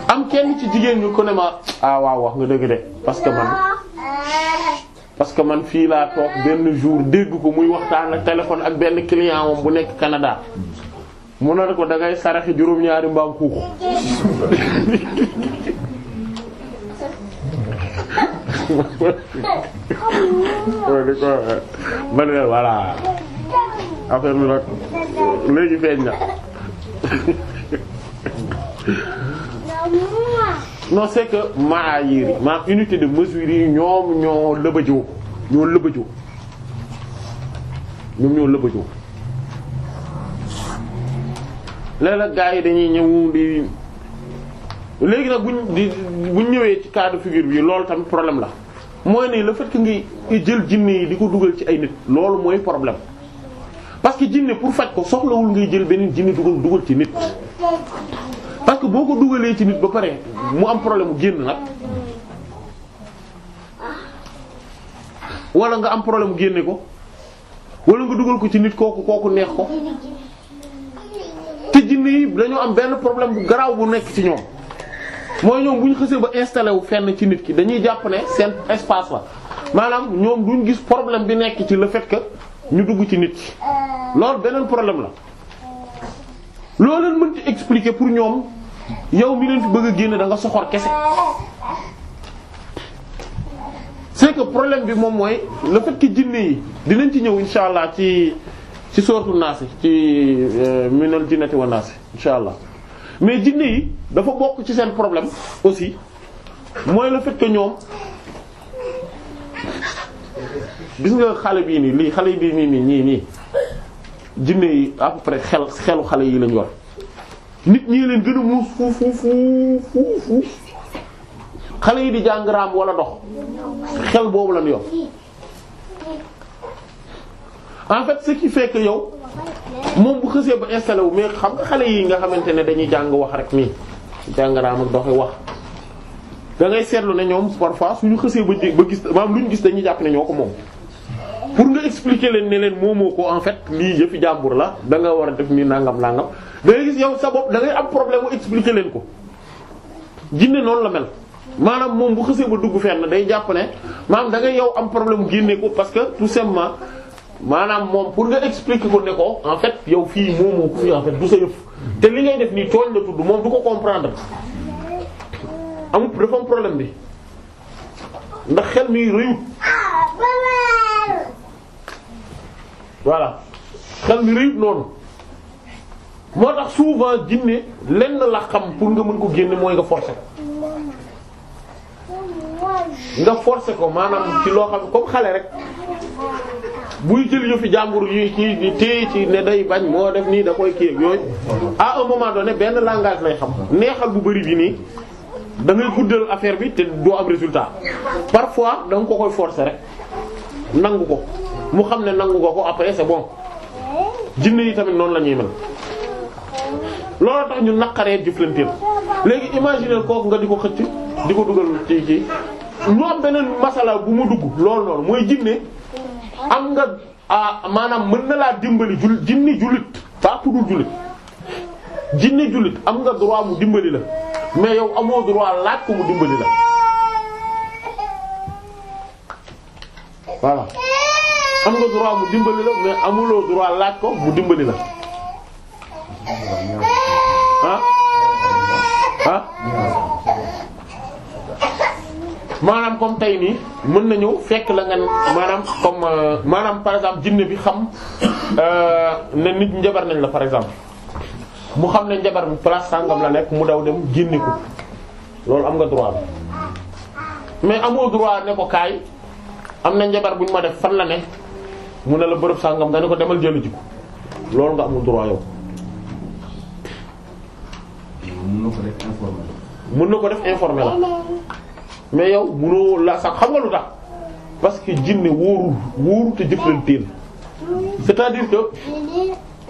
am kenn ci jigéen ñu ko ne ma ah, waaw wax nga dëgg de parce que man parce que man fii laa toog benn jour dégg ko muy waxtaan ak téléphone ak benn client moom bu nekk Canada mu ne ko dangay ngay saraxi juróom-ñaari mbaam kuux di ko ma affaire bi nag léegi feeñ na non c'est que maa yéri maa de mesure ñoom ñoo lëbëjoo ñoo lëbëjoo ñoom ñoo lëbëjoo léeg-léeg gaa yi dañuy ñëw di léegi nag bu ñu ñëwee ci cas de bi loolu tamit problème la mooy ne la fait que ngay jël jinne yi di ko dugal ci ay nit loolu mooy problème parce que jinne pour faj ko soxlawul ngay jël beneen jinne dugal dugal ci nit parce que boo ko dugalee ci nit ba pare mu am problème mu génn nag wala nga am problème génne ko wala nga dugal ko ci nit kooku kooku neex ko te jinne yi dañoo am benn problème bu garaaw bu nekk ci ñoom mooy ñoom bu xësee ba installé wu fenn ci nit ki dañuy jàpp ne seen espace la maanaam ñoom duñ gis problème bi nekk ci le fait ñu dugg ci nit ki loolu beneen problème la. loolu leen mën expliquer pour ñoom yow mi leen fi bëgg a génne da nga soxor kese c'est que problème bi moom mooy le fait jinne yi dinañ ci ñëw insha allah ci ci sooratu naasi ci euh, minal jinnati wa naasi insha allah. mais jinne yi dafa bokk ci seen problème aussi mooy la fait que ñoom gis nga xale bii nii lii xale yi bii nii nii ñii nii jinne yi à xel xelu xale yi lañ war nit ñi leen gën a muus fuuf xale yi di jàng raam wala dox xel boobu lañ yor. en fait ce fekk fait yow moom bu xësee ba installé wu mais xam nga xale yi nga xamante ne dañuy jàng wax rek nii jàng raam ak doxe wax da ngay seetlu ne ñoom parfois suñu xësee ba ba gis maam lu ñu gis dañuy jàpp ne ñoo ko moom pour nga expliquer leen ne leen moomoo ko en fait lii yëfi jàmbur la dangay war a def nii nangam nangam da gis yow sa bopp da am problème mu expliquer leen ko jinne noonu la mel maanaam moom bu xësee ba dugg fenn day jàpp ne maam da yow am problème génne ko parce que tout simplement maanaam moom pour nga expliquer ko ne ko en fait yow fii moomoo ko fii en fait du sa yëf te li ngay def nii tooñ la tudd moom du ko comprendre amul dafa am problème bi ndax xel mi rëyut voilà xel mi rëyut noonu moo tax souvent jinne lenn la xam pour nga mën ko génne mooy nga forcer ko nga forcer ko maanaam ci loo xam comme xale rek buy jël yëfi jàmbur yi ci di ci ne day bañ moo def nii da koy kii ak yooyu à un moment benn langage lay xam neexal bu bari bi nii da ngay guddal affaire bi te doo am résultat parfois da nga ko koy forcer rek nangu ko mu xam ne nangu ko ko après c'est bon jinne yi tamit noonu la ñuy mel loolu tax ñu naqaree jëflanteel léegi imaginer kooku nga di ko xëcc di ko dugal ci ci ñu am beneen masala bu mu dugg loolu noonu mooy jinne am nga ah, maanaam mën na laa dimbali jul jinni jullit faa ku dul jullit jinni jullit am nga droit mu dimbali la mais yow amoo droit laaj ko mu dimbali la voilà am nga droit mu dimbali la mais amuloo droit laaj ko mu dimbali la ah ah maanaam comme tey nii mën na ñëw fekk la nga maanaam comme euh, maanaam par exemple jinne bi xam euh, ne nit njabar nañ la par exemple mu xam ne njabar bi place sàngam la nekk mu daw dem génne ko loolu am nga droit bi mais amoo droit ne ko am na njabar bu ñu ma def fan la ne mu ne la bërëb sàngam nga ne ko demal jëli jiko loolu nga amul droit yow. mën na ko def informé la. mais yow mënoo la sax xam nga lu tax parce que jinne wóoru wóoru te jëflanteel c'est-à-dire que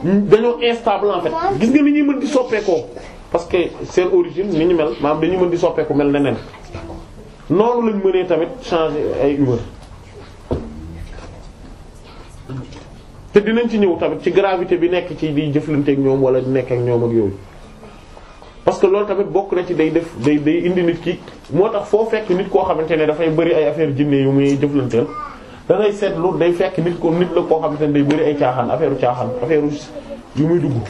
dañoo instable en fait gis nga ni ñuy mën di soppeekoo parce que seen origine ni ñu mel maanaam dañuy mën di soppeeku mel neneen noonu lañ mënee tamit changer ay humeur te dinañ ci ñëw tamit ci gravité bi nekk ci di jëflanteek ñoom wala di nekk ak ñoom ak yooyu parce que loolu tamit bokk na ci day def day day indi nit ki moo tax foo fekk nit koo xamante ne dafay bëri ay affaire jinne yu muy jëflanteel da ngay seetlu day fekk nit ko nit la koo xamante ne day bëri ay caaxaan affaire caaxaan affaire yu muy dugg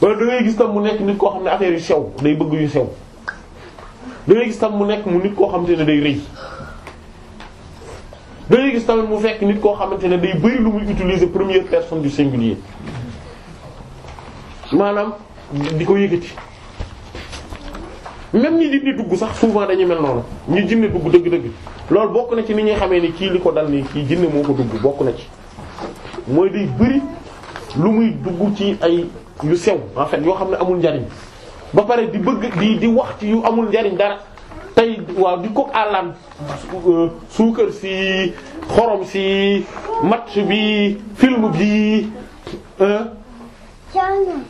wala da ngay gis tam mu nekk nit koo xam ne affaire yu sew day bëgg yu sew da ngay mu nekk mu nit koo xamante ne day rëy da ngay gis tamit mu fekk nit koo xamante ne day bëri lu muy utiliser première personne du singulier maanaam di ko yëkkati. même ñi jinne dugg sax souvent dañuy mel noonu ñi jinne dugg dëgg-dëgg loolu bokk na ci ni ñuy xamee ni kii li ko dal ni kii jinne moo ko dugg bokk na ci mooy day bëri lu muy dugg ci ay yu sew en fait yoo xam ne amul njariñ ba pare di bëgg di di wax ci yu amul njariñ dara tey waaw di ko àllan euh, suukar si xorom si match bi film bi euh,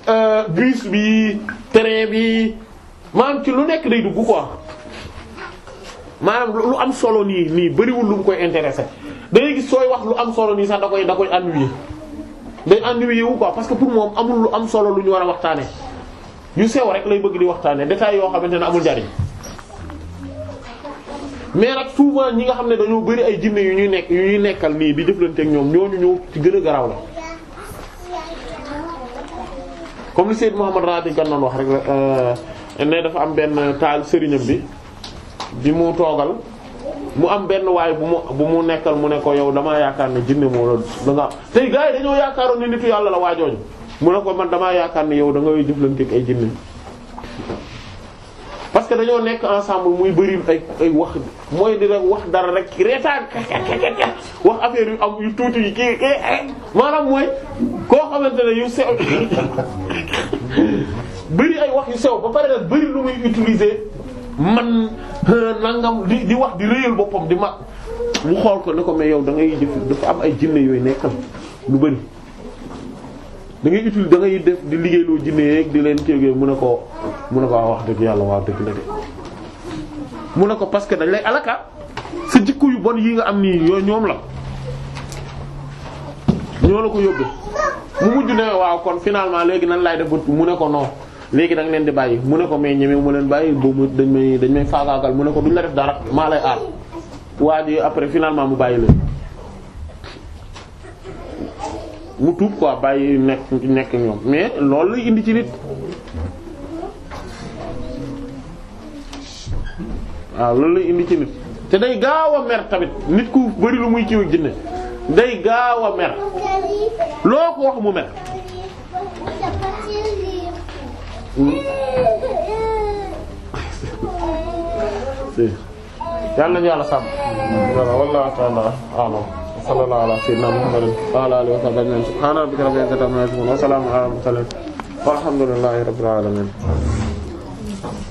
euh, bus bi train bi maanaam ci lu nekk day dugg ko maanaam lu am solo nii nii bëriwul lu mu koy intéressé dangay gis sooy wax lu am solo nii sax da koy da koy ennuyé day ennuyé wu ko parce que pour moom amul lu am solo lu ñu war a waxtaane yu sew rek lay bëgg di waxtaane détails yoo xamante ne amul jariñ mais nag souvent ñi nga xam ne dañoo bëri ay jinne yu ñuy nekk yu ñuy nekkal nii di jëflanteeg ñoom ñooñu ñëw ci gën a garaaw la comme li Seyd Mouhamed Raadi Gannon wax rek la euh, ne dafa am benn taal sëriñam bi bi mu toogal mu am benn waay bu mu bu mu nekkal mu ne ko yow damaa yaakaar ne jinne moo la da nga tey gars yi dañoo yaakaaroon ne nitu yàlla la waajooñu mu ne ko man damaa yaakaar ne yow da ngay ay jinne parce que dañoo nekk ensemble muy bëri ay wax mooy di rek wax dara rek reetaan wax affaire yu am yu tuuti yi kii maanaam mooy koo xamante ne yu sew bëri ay wax yu sew ba pare nag bëri lu muy utiliser man euh, nangam di di wax di réyal boppam di ma mu xool ko ne ko mais yow da ngay def dafa am ay jinne yooyu nekkal lu bëri da ngay utiliser def di liggéeyloo jinne di leen kéegee mu ne ko mu ne ko ah, wax dëgg yàlla waaw dëgg la de mu ne ko parce que dañ lay alaka sa jikko yu bon yi nga am nii yooyu ñoom la ñoo la ko yóbbu mu mujj ne waaw kon finalement léegi nan laay def mu ne ko non léegi da leen di bàyyi mu ne ko mais ñemewu ma leen bàyyi boobu dañ may dañ may faagaagal mu ne ko duñ la def dara maa lay aar waa ji après finalement mu bàyyi leen mu tuub ko a bàyyi nekk nekk ñoom mais loolu lay indi ci nit waaw loolu lay indi ci nit te day gaaw a mer tamit nit ku bari lu muy kiiw jinne day gaaw a mer loo ko mu mer yàlla nañu yàlla sàmm voilà wallahu ta'ala a'lam sallallahu ala sayyidina muhammadin wa ala alihi wa sahbihi subhana rabbika rabbil izzati amma yasifun wa salamun ala al mursalin walhamdulillahi rabbil alamin